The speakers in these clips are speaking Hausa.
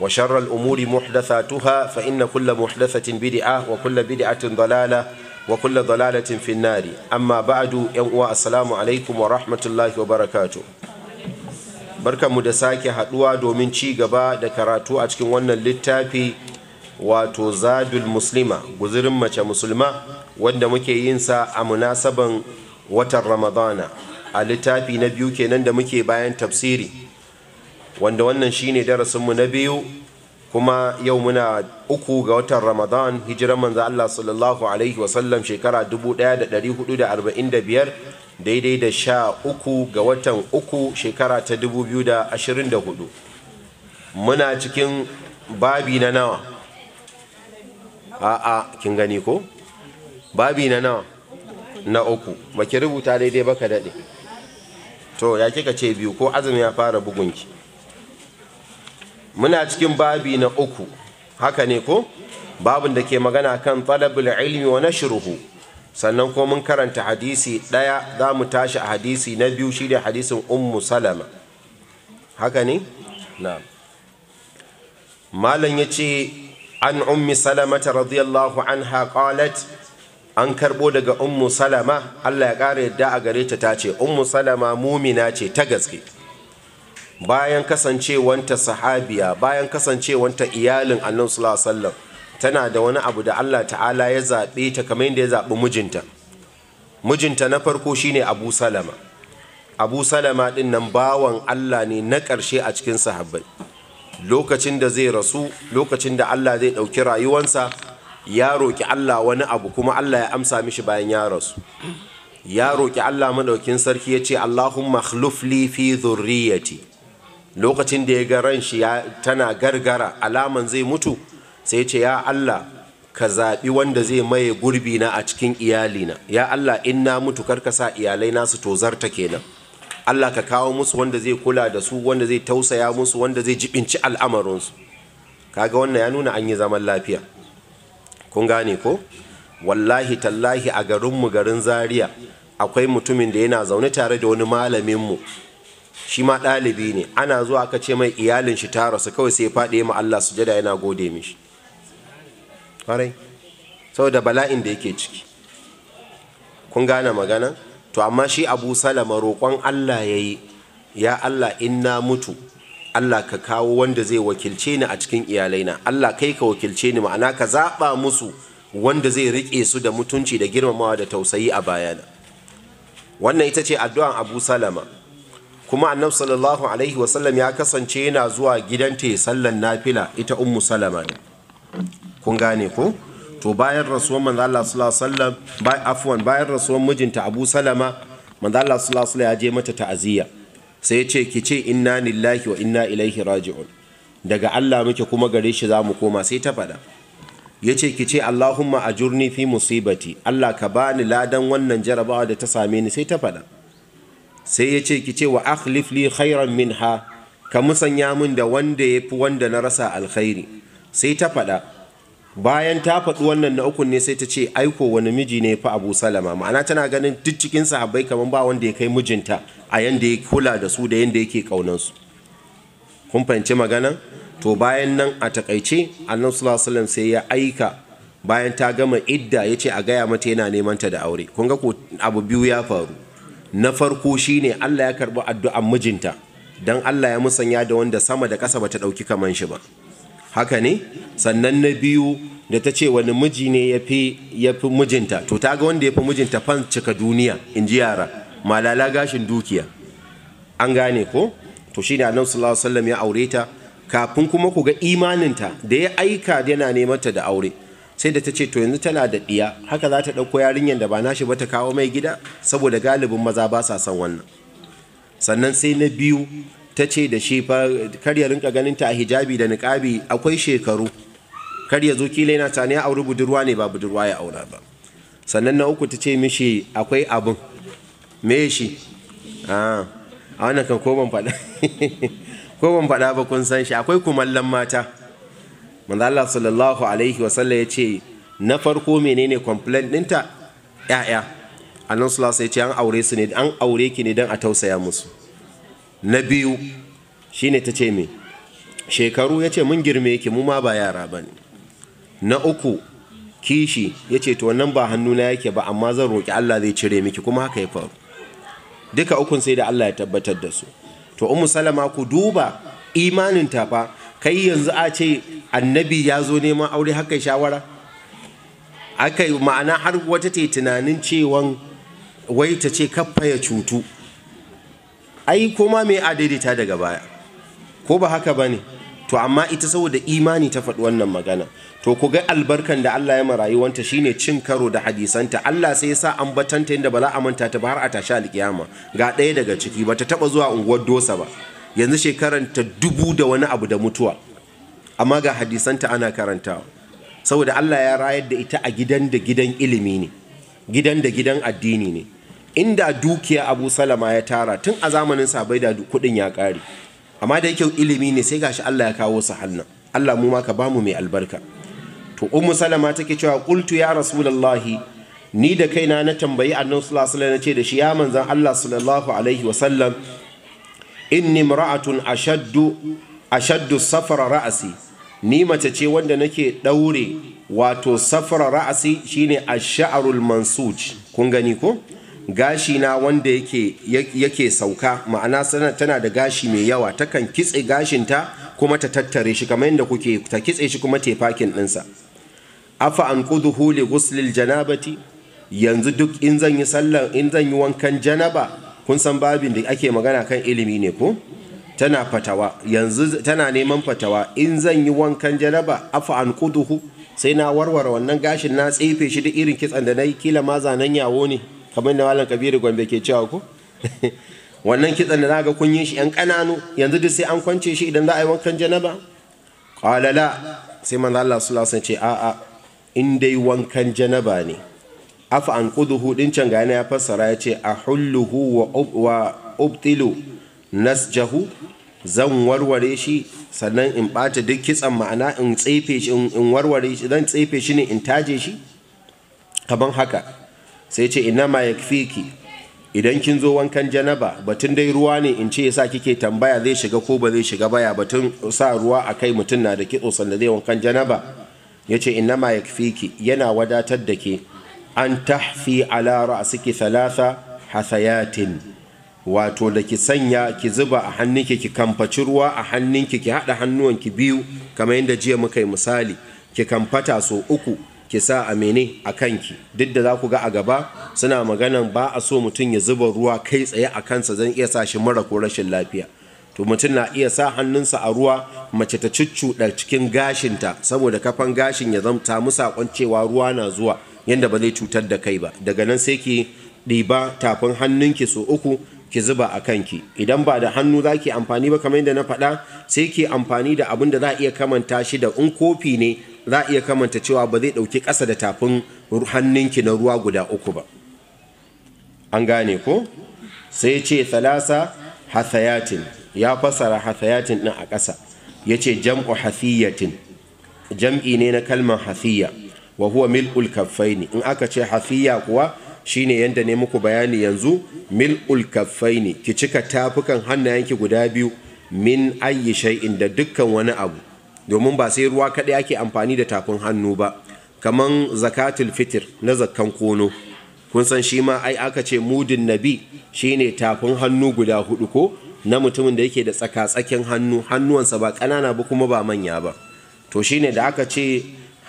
وشر الأمور محدثاتها فإن كل محدثة بدعة وكل بدعة ضلالة وكل ضلالة في النار أما بعد يوم السلام عليكم ورحمة الله وبركاته barka mu da sake haduwa domin ci gaba da karatu a cikin wannan littafi wato zadul muslima guzurin mace musulma wanda muke yin sa a munasaban watan ramadana a littafi na biyu kenan da muke bayan tafsiri wanda wannan shine darasinmu na biyu kuma yau muna uku ga watan ramadan hijiran manzo Allah sallallahu alaihi wasallam shekara 1445 daidai da sha uku ga watan uku shekara ta 2024 muna cikin babi na nawa a'a kin gani ko babi na nawa na uku baki rubuta daidai baka daɗe to ya kika ce biyu ko azumi ya fara bugunki muna cikin babi na uku haka ne ko babin da ke magana kan talabul ilmi wa nashruhu sannan ko mun karanta hadisi ɗaya za mu tashi a hadisi na biyu shi da hadisin ummu salama haka ne na'am malam yace an ummi salama ta radiyallahu anha qalat an karbo daga ummu salama Allah ya kare yadda a gare ta tace ummu salama mumina ce ta gaske bayan kasancewanta sahabiya bayan kasancewanta iyalin annan sallallahu tana da wani abu da Allah ta'ala ya zaɓe ta kamar yadda ya zaɓi mijinta mijinta na farko shine Abu Salama Abu Salama ɗin nan bawan Allah ne na ƙarshe a cikin sahabbai lokacin da zai rasu lokacin da Allah zai ɗauki rayuwansa ya roƙi Allah wani abu kuma Allah ya amsa mishi bayan ya rasu ya roƙi Allah maɗaukin sarki ya ce Allahumma khluf li fi dhurriyyati lokacin da ya ga ran shi tana gargara alaman zai mutu sai ce ya Allah ka zaɓi wanda zai maye gurbi na a cikin iyalina ya Allah in na mutu karka sa iyalai nasu tozarta kenan Allah ka kawo musu wanda zai kula da su wanda zai tausaya musu wanda zai jibinci al'amarinsu kaga wannan ya nuna an yi zaman lafiya kun gane ko wallahi tallahi a garinmu garin zaria akwai mutumin da yana zaune tare da wani malamin mu. shi ma ɗalibi ne ana zuwa aka ce mai iyalin shi ta rasu kawai sai faɗi ma Allah su sujada yana gode mishi kwarai saboda bala'in da yake ciki kun gane magana to amma shi abu salama roƙon Allah ya yi ya Allah in na mutu Allah ka kawo wanda zai wakilce ni a cikin iyalaina Allah kai ka wakilce ni ma'ana ka zaɓa musu wanda zai riƙe su da mutunci da girmamawa da tausayi a bayana wannan ita ce addu'an abu salama kuma annab sallallahu alaihi wasallam ya kasance yana zuwa gidanta ya sallan nafila ita ummu salama kun gane ko to bayan rasuwan manzo Allah sallallahu alaihi wasallam bai afwan bayan rasuwan mijinta Abu Salama manzo Allah sallallahu alaihi ya je mata ta'aziyya sai ya ce ki ce inna lillahi wa inna ilaihi raji'un daga Allah muke kuma gare shi zamu koma sai ta faɗa ya ce ki ce Allahumma ajurni fi musibati Allah ka bani ladan wannan jarabawa da ta same ni sai ta faɗa sai ya ce ki ce wa akhlif li khairan minha ka musanya min da wanda ya fi wanda na rasa alkhairi sai ta faɗa bayan ta faɗi wannan na ukun ne sai ta ce aiko wani miji ne fa abu salama ma'ana tana ganin duk cikin sahabbai kamar ba wanda ya kai mijinta a yanda ya kula da su da yanda yake kaunansu kun fahimci magana to bayan nan a takaice annabi sallallahu alaihi sai ya aika bayan ta gama idda yace ce a gaya mata yana neman ta da aure kun ga ko abu biyu ya faru na farko shine Allah ya karɓi addu'an mijinta don Allah ya musanya da wanda sama da ƙasa bata ɗauki kaman shi ba haka ne sannan na biyu da ta ce wani miji ne ya fi mijinta to ta ga wanda ya fi mijinta fan cika duniya in ji yara malala gashin dukiya an gane ko to shine annabi sallallahu alaihi ya aure ta kafin kuma ku ga imaninta da ya aika yana neman ta da aure sai da ta ce to yanzu tana da ɗiya haka za ta ɗauko yarinyar da ba nashi ba ta kawo mai gida saboda galibin maza ba sa son wannan sannan sai na biyu ta ce da shi fa kar ya rinka ganin ta a hijabi da niƙabi akwai shekaru kar ya zo kila yana tani ya auri budurwa ne ba budurwa ya aura ba sannan na uku ta ce mishi akwai abin me shi ah, a wannan kan ko ban faɗa ba kun san shi akwai kumallon mata manzo Allah sallallahu alaihi wasallam ya ce na farko menene complaint ɗinta Yaya? annan sula sai ce an aure su ne an aure ki ne don a tausaya musu na biyu shine ta ce me shekaru ya ce mun girme ki mu ma ba yara ba na uku kishi ya ce to wannan ba hannu na yake ba amma zan roki Allah zai cire miki kuma haka ya faru duka ukun sai da Allah ya tabbatar da su to ummu salama ku duba imanin ta fa kai yanzu a ce annabi ya zo neman aure haka shawara aka yi ma'ana har wata ta tunanin cewan wai ta ce kaffa ya cutu ai koma mai adaidaita daga baya ko ba haka ba ne to amma ita saboda imani ta faɗi wannan magana to ku ga albarkan da Allah ya ma rayuwanta shine cin karo da hadisanta Allah sai ya sa an batanta inda ba za a manta ta ba har a tashi alkiyama ga ɗaya daga ciki ba ta taɓa zuwa unguwar dosa ba yanzu shekaran dubu da wani abu da mutuwa amma ga hadisanta ana karantawa saboda Allah ya rayar da ita a gidan da gidan ilimi ne gidan da gidan addini ne inda dukiya Abu Salama ya tara tun a zamanin sabai da kudin ya kare amma da yake ilimi ne sai gashi Allah ya kawo su hannu. Allah mu ma ka bamu mai albarka to ummu salama take cewa qultu ya rasulullahi ni da kaina na tambayi annabi sallallahu alaihi wasallam nace da shi ya manzan Allah sallallahu alaihi wasallam inni imra'atun ashaddu ashaddu safara ra'asi ni mace ce wanda nake daure wato safara ra'asi shine ash-sha'rul mansuj kun gani ko gashi na wanda yake yake sauka ma'ana tana da gashi mai yawa takan kitse gashinta kuma ta tattare shi kamar yadda kuke ta kitse shi kuma ta fakin dinsa afa an quduhu li ghuslil janabati yanzu duk in zan yi sallar in zan yi wankan janaba kun san babin da ake magana kan ilimi ne ko tana fatawa yanzu tana neman fatawa in zan yi wankan janaba afa an kuduhu sai na warware wannan gashin na tsefe shi da irin kitsan da na yi kila ma zanen yawo ne kamar da malam kabiru gombe ke cewa ko wannan kitsan da za kun yi shi yan kananu yanzu duk sai an kwance shi idan za a yi wankan janaba qala la sai manzo Allah sallallahu alaihi ce a a in dai wankan janaba ne afa an kuduhu din can ga ya fassara ya ce ahulluhu wa ubtilu nasjahu zan warware shi sannan in ɓata duk kitsan ma'ana in tsefe shi in warware shi zan tsefe shi ne in taje shi kaman haka sai ce ina ma yakfiki idan kin zo wankan janaba batun dai ruwa ne in ce yasa kike tambaya zai shiga ko ba zai shiga baya batun sa ruwa a kai mutum na da kitso sannan zai wankan janaba ya ce ina ma yakfiki yana wadatar da ke an tahfi ala ra'asiki thalatha hasayatin wato da ki sanya ki zuba a hannunki ki kamfaci ruwa a hannunki ki haɗa hannuwanki biyu kamar yadda jiya muka yi misali ki kamfata so uku ki sa a mene a kanki duk da za ku ga a gaba suna maganan ba a so mutum ya zuba ruwa kai tsaye a kansa zan iya sa shi mara ko rashin lafiya to mutum na iya sa hannunsa a ruwa mace ta cuccuɗa cikin gashinta saboda kafan gashin ya zamta mu saƙon cewa ruwa na zuwa yadda ba zai cutar da kai ba daga nan sai ki ɗiba tafin hannunki so uku ki zuba a kanki idan ba da hannu za ki amfani ba kamar yadda na faɗa sai ki amfani da abin da za a iya kamanta shi da in kofi ne za a iya kamanta cewa ba zai ɗauki ƙasa da tafin hannunki na ruwa guda uku ba an gane ko sai ce thalasa hathayatin ya fasara hathayatin ɗin a ƙasa ya ce jam'u hathiyatin jam'i ne na kalmar hathiya wa huwa mil'ul kaffaini in aka ce hathiya kuwa shine yanda ne muku bayani yanzu mil'ul ne. ki cika tafukan hannayenki guda biyu min ayyi shay'in da dukkan wani abu domin ba sai ruwa kaɗai ake amfani da tafin hannu ba kaman zakatul fitir na Zakan kono kun san shi ma ai aka ce mudin nabi shine tafin hannu guda hudu ko na mutumin da yake da tsakatsakin hannu hannuwansa ba ƙanana ba kuma ba manya ba to shine da aka ce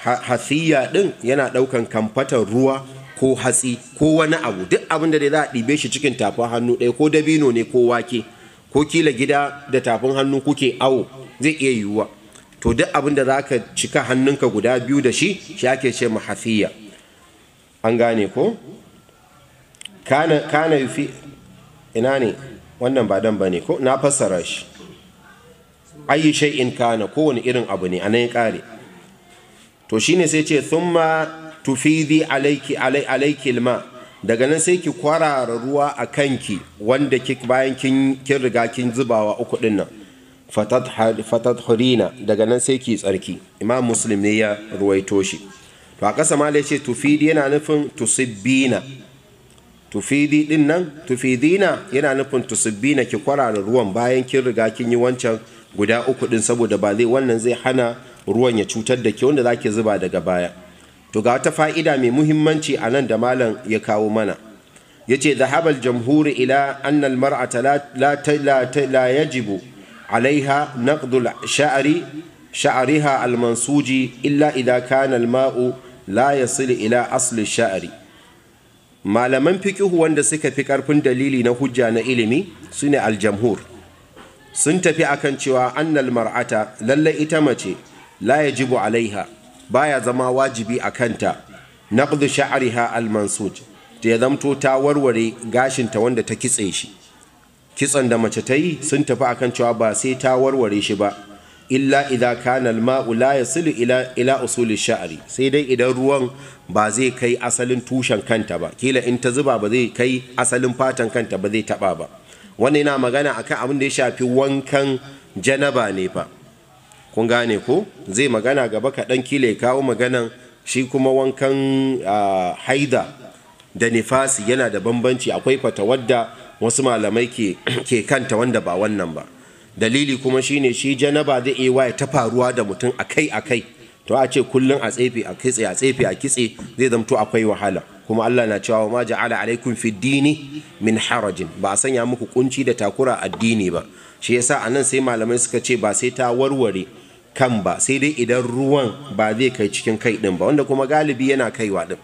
hafiya din yana ɗaukan kamfatar ruwa ko hatsi ko wani abu duk abin da za a ɗibe shi cikin tafin hannu ɗaya ko dabino ne ko wake ko kila gida da tafin hannu kuke awo zai iya yiwuwa to duk abin da za ka cika hannunka guda biyu da shi shi ake ce mahafiya an gane ko kana yi yufi ina ne wannan ba dan bane ko na fassara shi ayi shay'in kana kowane irin abu ne anan ya kare to shine sai ce thumma tufidi alaiki alaiki ilma, daga nan sai ki kwarara ruwa a kanki wanda bayan kin riga kin zubawa uku din nan hurina daga nan sai ki tsarki imam muslim ne ya ruwaito shi to a ƙasa mala ce tufidi yana nufin tusibbina tufidi din nan tufidina yana nufin tusibbina ki kwarara ruwan bayan kin riga kin yi wancan guda uku din saboda ba zai wannan zai hana ruwan ya cutar da ke wanda zaki zuba daga baya to ga wata fa'ida mai muhimmanci a nan da malam ya kawo mana ya ce zahabal jamhuri ila annal mar'ata la yajibu alaiha naqdul sha'ari sha'ariha almansuji illa idha kana alma'u la yasil ila asli sha'ari malaman fikihu wanda suka fi ƙarfin dalili na hujja na ilimi sune aljamhur sun tafi akan cewa annal mar'ata lalle ita mace la yajibu alaiha baya zama wajibi a kanta naqdu sha'riha al-mansuj da ya zamto ta warware gashinta wanda ta kitse shi kitson da mace ta yi sun tafi akan cewa ba sai ta warware shi ba illa idza kana al-ma'u la yasilu ila ila usuli sha'ri sai dai idan ruwan ba zai kai asalin tushen kanta ba kila in ta zuba ba zai kai asalin fatan kanta ba zai taba ba wani yana magana akan abin da ya shafi wankan janaba ne fa kun gane ko zai magana gaba kaɗan kila ya kawo maganan shi kuma wankan haida da nifasi yana da bambanci akwai fatawadda wasu malamai ke kanta wanda ba wannan ba dalili kuma shi ne shi janaba zai iya waya ta faruwa da mutum akai akai to a ce kullum a tsefe a kitse a tsefe a kitse zai zamto akwai wahala kuma Allah na cewa ma ala alaikum fi dini min harajin ba a sanya muku kunci da takura addini ba shi yasa anan sai malamai suka ce ba sai ta warware kan ba sai dai idan ruwan ba zai kai cikin kai ɗin ba wanda kuma galibi yana kaiwa ɗin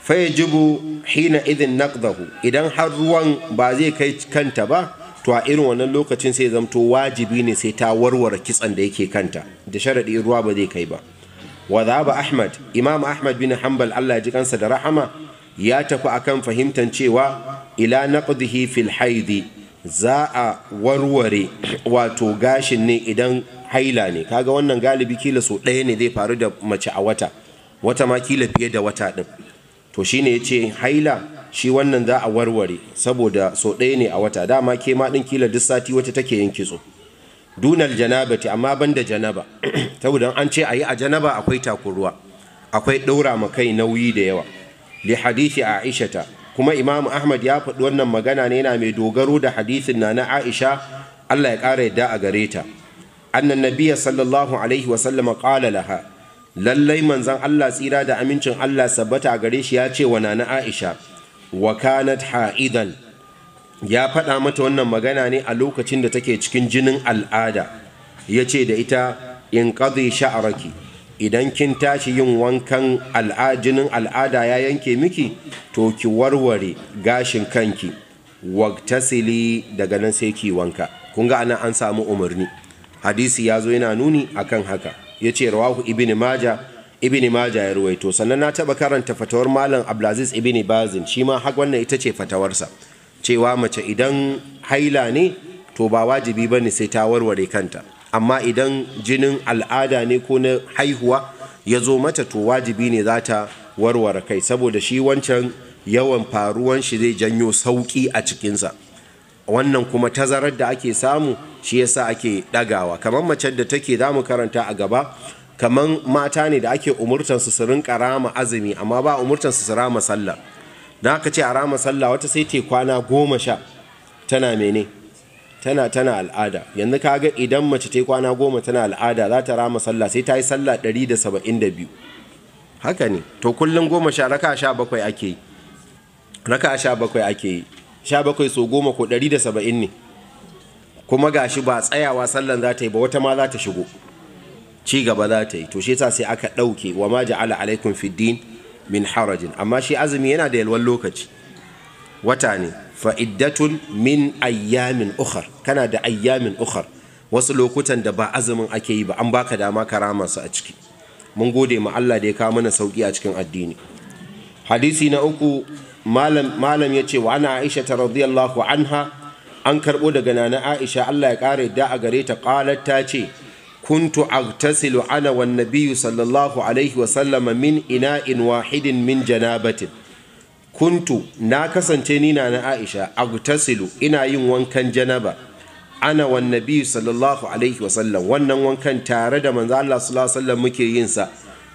fayajibu hina idin naqdahu idan har ruwan ba zai kai kanta ba to a irin wannan lokacin sai zamto wajibi ne sai ta warware kitsan da yake kanta da sharaɗi ruwa ba zai kai ba wa ba ahmad imam ahmad bin hanbal Allah ya ji kansa da rahama ya tafi akan fahimtan cewa ila naqdihi fil haidi za a warware wato gashin ne idan haila ne kaga wannan galibi kila so ɗaya ne zai faru da mace a wata wata ma kila fiye da wata ɗin to shine ya ce haila shi wannan za a warware saboda so ɗaya ne a wata dama ke ma ɗin kila duk sati wata take yin kitso dunal janabati amma ban da janaba saboda an ce a yi a janaba akwai takurwa. akwai ɗaura ma kai nauyi da yawa li hadisi a aishata kuma imam ahmad ya faɗi wannan magana ne yana mai dogaro da hadisin na na aisha allah ya ƙara yadda a gare ta annan nabiya sallallahu alaihi wasallama ƙala laha lallai manzan Allah tsira da amincin Allah sabbata a gare shi ya ce wa nana Aisha wa kanat ya faɗa mata wannan magana ne a lokacin da take cikin jinin al'ada ya ce da ita in qadhi sha'raki idan kin tashi yin wankan jinin al'ada ya yanke miki to ki warware gashin kanki wagtasili daga nan sai ki wanka kun ga anan an samu umarni hadisi ya zo yana nuni a kan haka ya ce rawahu ibn maja ibini maja ya ruwaito sannan na taɓa karanta fatawar malam abdulaziz ibini bazin shi ma haka wannan ita ce fatawarsa cewa mace idan haila ne to ba wajibi ba ne sai ta warware kanta amma idan jinin al'ada ne ko na haihuwa ya zo mata to wajibi ne za ta warware kai saboda shi wancan yawan faruwan shi zai janyo sauƙi a cikinsa wannan kuma tazarar da ake samu shi yasa ake ɗagawa kamar mace da take za mu karanta a gaba kamar mata ne da ake umurtansu su rinka rama azumi amma ba umurtansu su rama sallah don aka ce a rama sallah wata sai te kwana goma sha tana mene tana tana al'ada yanzu kaga idan mace te kwana goma tana al'ada za ta rama sallah sai ta yi sallah 172 haka ne to kullum goma sha raka sha bakwai ake raka sha bakwai ake yi 17 so goma ko ɗari da saba'in ne kuma gashi ba tsayawa sallan za ta yi ba wata ma za ta shigo ci gaba za ta yi to shi yasa sai aka ɗauke wa ma ja'ala alaikum fiddin min harajin amma shi azumi yana da yalwan lokaci wata ne fa'iddatun min ayyamin ukhar kana da ayyamin ukhar wasu lokutan da ba azumin ake yi ba an baka dama karama su a ciki mun gode ma Allah da ya kawo mana sauki a cikin addini hadisi na uku malam ya ce wa ana aisha ta radiyallahu anha an karɓo daga nana aisha allah ya kare da a gare ta ƙalar ta ce kuntu agtasilu ana wa Nabiyu sallallahu alaihi wasallama min ina in wahidin min janabatin kuntu na kasance ni na na aisha agtasilu ina yin wankan janaba ana wa Nabiyu sallallahu alaihi wasallam wannan wankan tare da manzo Allah sallallahu alaihi wasallam muke yin sa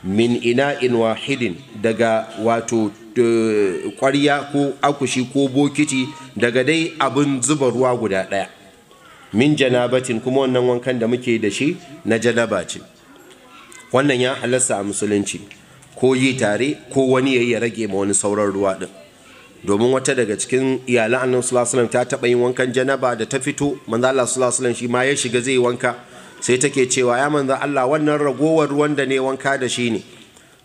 min in wahidin daga wato ƙwarya ko akushi ko bokiti daga dai abin zuba ruwa guda ɗaya min janabatin kuma wannan wankan da muke da shi na janaba ce wannan ya halasta a musulunci ko yi tare ko wani ya ya rage ma wani sauran ruwa ɗin domin wata daga cikin iyalan annan sulasulan ta taɓa yin wankan janaba da ta fito manzo Allah sulasulan shi ma ya shiga zai wanka sai take cewa ya manzo Allah wannan ragowar ruwan da ne wanka da shi ne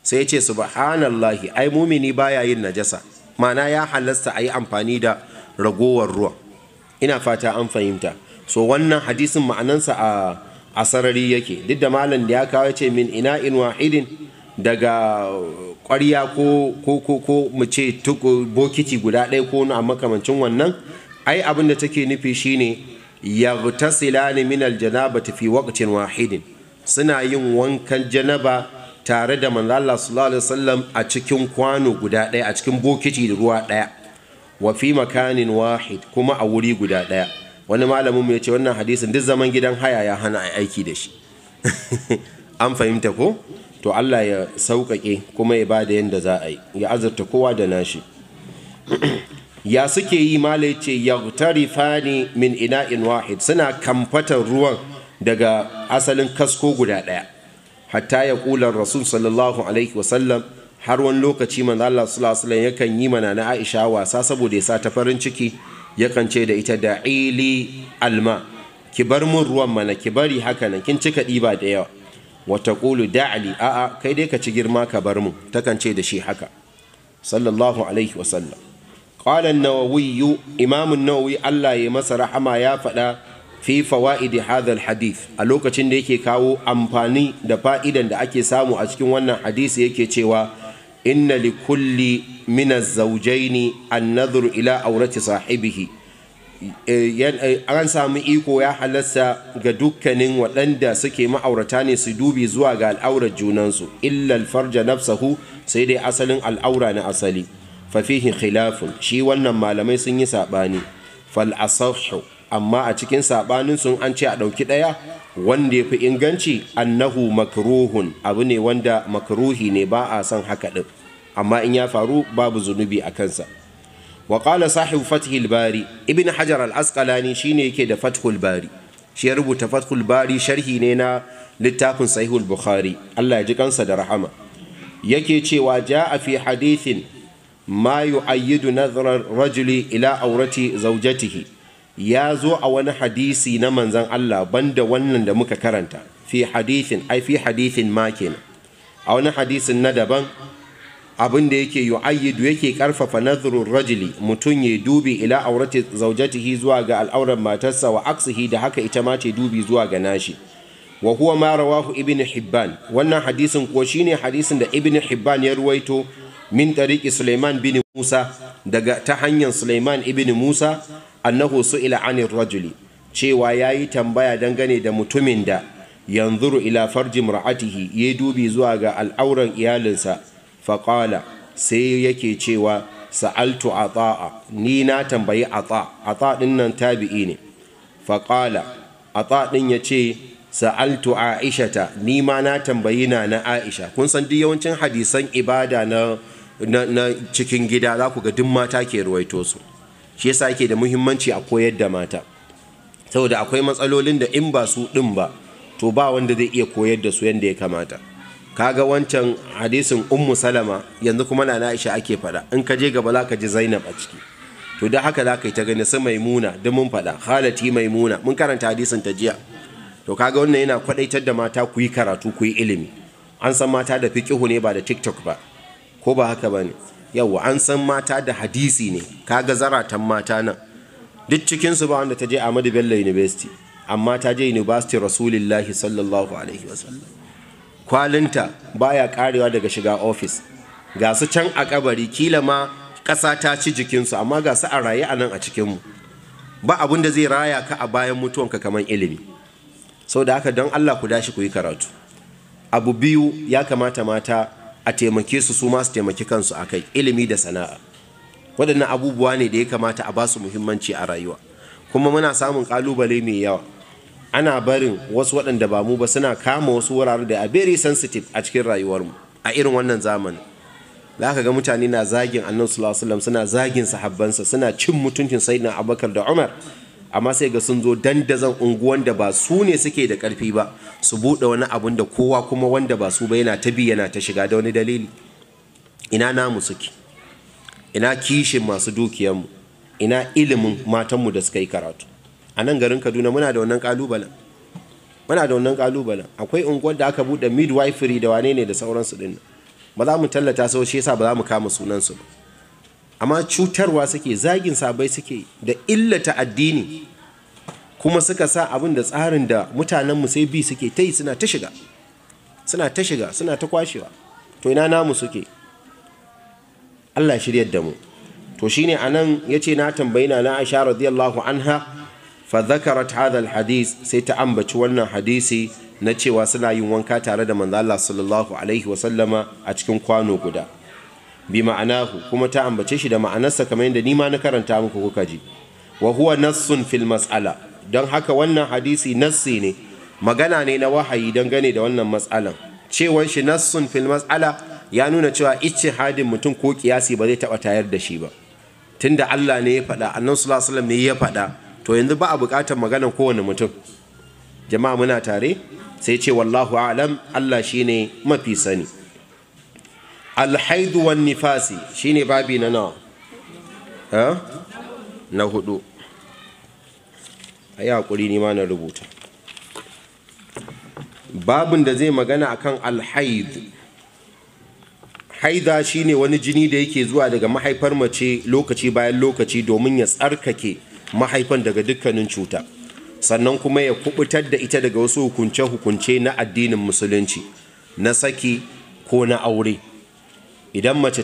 sai ce subhanallahi ai mumini baya yin najasa mana ya halasta a yi amfani da ragowar ruwa ina fata an fahimta so wannan hadisin ma'anansa a a sarari yake duk da malam da ya kawo ce min ina in wahidin daga ƙwarya ko ko ko ko mu ce bokiti guda ɗaya ko a makamancin wannan ai abin da take nufi shine ni min aljanaba fi waqtin wahidin suna yin wankan janaba tare da manzo Allah sallallahu alaihi wasallam a cikin kwano guda ɗaya a cikin bokiti da ruwa ɗaya wa fi makanin wahid kuma a wuri guda ɗaya wani malamin mu yace wannan hadisin duk zaman gidan haya ya hana a aiki da shi an fahimta ko to Allah ya sauƙaƙe kuma ya bada yanda za a yi ya azurta kowa da nashi ya suke yi malai ce yaghtarifani min ina'in wahid suna kamfatar ruwan daga asalin kasko guda ɗaya hatta ya kula rasul sallallahu alaihi wasallam har wani lokaci manzo Allah sallallahu alaihi yakan yi mana na Aisha wasa saboda ya sa ta farin ciki yakan ce da ita da ili alma ki bar mun ruwan mana ki bari haka nan kin cika ɗiba da yawa wata kulu da'ali a'a kai dai ka ci girma ka bar mu takan ce da shi haka sallallahu alaihi wasallam qala an-nawawi imam an-nawawi Allah ya masa rahama ya faɗa fi fawaidi hadhal hadith a lokacin da yake kawo amfani da fa'idan da ake samu a cikin wannan hadisi yake cewa inna li kulli min az ni an-nadhr ila aurati sahibihi eh, eh, an samu iko ya halasta ga dukkanin waɗanda suke ma'aurata ne su dubi zuwa ga al'aurar junansu illal farja nafsahu sai dai asalin al'aura na asali fafihin khilafin shi wannan malamai sun yi saɓani fal amma a cikin sabanin sun an ce a ɗauki ɗaya wanda ya fi inganci annahu makruhun abu ne wanda makruhi ne ba a son haka ɗin amma in ya faru babu zunubi a kansa waƙala qala sahibu fathil bari ibn hajar al asqalani shine yake da fathul bari shi ya rubuta fathul bari sharhi ne na littafin sahihul bukhari Allah ya ji kansa da rahama yake cewa a fi hadithin ma yu'ayyidu nadhra rajuli ila aurati zaujatihi. ya zo a wani hadisi na manzan Allah banda wannan da muka karanta fi hadithin ai fi hadithin ma a wani hadisin na daban abin da yake yu'ayyidu yake karfafa nazarin rajili, mutum ya dubi ila aurati zaujatihi zuwa ga al'auran matarsa wa aksihi da haka ita ma ce dubi zuwa ga nashi wa huwa ma rawahu ibn hibban wannan hadisin ko shine hadisin da ibn hibban ya ruwaito min tariqi suleiman bin musa daga ta hanyar suleiman ibn musa annahu su'ila anir rajuli cewa yayi tambaya dangane da mutumin da yanzuru ila farji mur'atihi ya dubi zuwa ga al'auran iyalinsa faƙala sai yake cewa sa'altu ata'a ni na tambayi ata ata din nan tabi'i ne faƙala ata din ya ce sa'altu aishata ni ma na tambayi na na aisha kun san duk yawancin hadisan ibada na cikin gida za ku ga duk mata ke ruwaito su shi yasa yake da muhimmanci a koyar da mata saboda akwai matsalolin da in ba su din ba to ba wanda zai iya koyar da su yadda ya kamata kaga wancan hadisin ummu salama yanzu kuma na Aisha ake fada in ka je gaba za ka ji Zainab a ciki to da haka za ka yi ta gani su maimuna da mun fada halati maimuna mun karanta hadisin ta jiya to kaga wannan yana kwadaitar da mata ku yi karatu ku yi ilimi an san mata da fiqihu ne ba da tiktok ba ko ba haka bane Yau, an san mata da hadisi ne kaga zaratan mata nan duk cikinsu ba wanda ta je Ahmadu Bello University amma ta je University Rasulullahi sallallahu alaihi wasallam kwalinta baya karewa daga shiga ofis ga su can a kabari kila ma ƙasa ta ci jikinsu amma ga su a raye a nan a cikinmu ba abin da zai raya ka a bayan mutuwan ka kamar ilimi sau da haka don Allah ku dashi ku yi karatu abu biyu ya kamata mata a taimake su su ma su taimaki kansu a kai ilimi da sana'a waɗannan abubuwa ne da ya kamata a basu muhimmanci a rayuwa kuma muna samun ƙalubale mai yawa ana barin wasu waɗanda ba mu ba suna kama wasu wurare da a very sensitive a cikin rayuwarmu a irin wannan zamanin za ka ga mutane na zagin annabi sallallahu alaihi wasallam suna zagin sahabbansa suna cin mutuncin sayyidina abubakar da umar amma sai ga sun zo dandazon unguwan da ba su ne suke da karfi ba su buɗe wani abun da kowa kuma wanda ba su ba yana ta bi yana ta shiga da wani dalili ina namu suke ina kishin masu dukiyanmu ina ilimin matanmu da suka yi karatu a nan garin kaduna muna da wannan kalubalen muna da wannan kalubalen akwai unguwar da aka buɗe midwifery da wane ne da sauransu ɗin ba za mu tallata sau shi yasa ba za mu kama sunansu ba amma cutarwa suke zagin sabai suke da illata addini kuma suka sa abin da tsarin da mutanenmu sai bi suke ta yi suna ta shiga suna ta shiga suna ta kwashewa to ina namu suke Allah shiryar da mu to shine anan yace na tambayi na na Aisha radiyallahu anha fa dhakarat hadha alhadith sai ta ambaci wannan hadisi na cewa suna yin wanka tare da manzo sallallahu alaihi wasallama a cikin kwano guda bi ma'anahu kuma ta ambace shi da ma'anarsa kamar yadda ni ma na karanta muku kuka ji wa huwa nassun fil mas'ala don haka wannan hadisi nassi ne magana ne na wahayi don gane da wannan matsalan cewan shi nassun fil mas'ala ya nuna cewa hadin mutum ko kiyasi ba zai taba tayar da shi ba tunda Allah ne ya faɗa annan sallallahu alaihi ne ya faɗa to yanzu ba a buƙatar magana kowane mutum jama'a muna tare sai ce wallahu a'lam Allah shine mafi sani alhaidu wan nifasi ne babi na nawa na hudu a yi haƙuri nima na rubuta babin da zai magana akan alhaid haida shine wani jini da yake zuwa daga mahaifar mace lokaci bayan lokaci domin ya tsarkake mahaifan daga dukkanin cuta sannan kuma ya kubutar da ita daga wasu hukunce-hukunce na addinin musulunci na saki ko na aure idan mace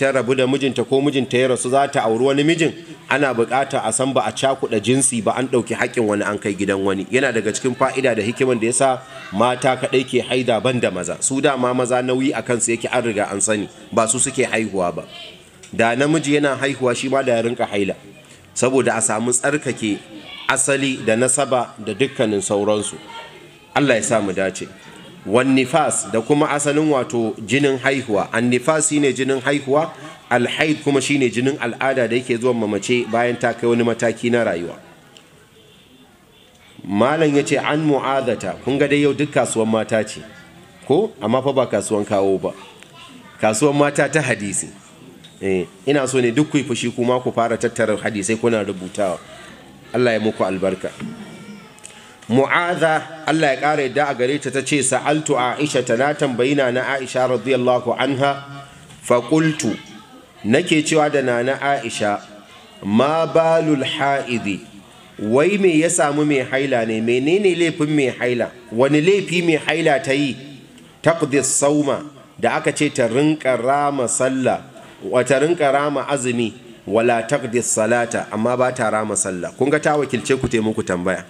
ta rabu da mijinta ko mijinta ya rasu za ta auri wani mijin ana bukata a san ba a cakuɗa jinsi ba an ɗauki haƙƙin wani an kai gidan wani yana daga cikin fa'ida da hikiman da ya sa mata kaɗai ke haida ban da maza su dama maza nauyi a kansu yake an riga an sani ba su suke haihuwa ba da namiji yana haihuwa shi ma da ya rinka haila saboda a samu tsarkake asali da nasaba da dukkanin sauransu Allah ya sa mu dace wan nifas da kuma asalin wato jinin haihuwa an nifas shine jinin haihuwa alhaid kuma shine jinin al'ada da yake zuwa mamace bayan ta kai wani mataki na rayuwa malam ya ce an mu'adata kun ga dai yau duk kasuwan mata ce ko amma fa ba kasuwan kawo ba kasuwan mata ta hadisi eh, ina so ne duk ku fushi kuma ku fara tattara hadisai kuna rubutawa Allah ya muku albarka mu'aza Allah ya ƙara yadda a gare ta ta ce sa'altu aisha ta na tambayi na aisha radiyallahu anha faƙultu nake cewa da na aisha ma balul ha'idi wai me ya samu mai haila ne menene laifin mai haila wani laifi mai haila ta yi taqdis sauma da aka ce ta rinƙa rama sallah wata rinka rama azumi wala taqdis salata amma ba ta rama sallah kun ga ta wakilce ku taimaku tambaya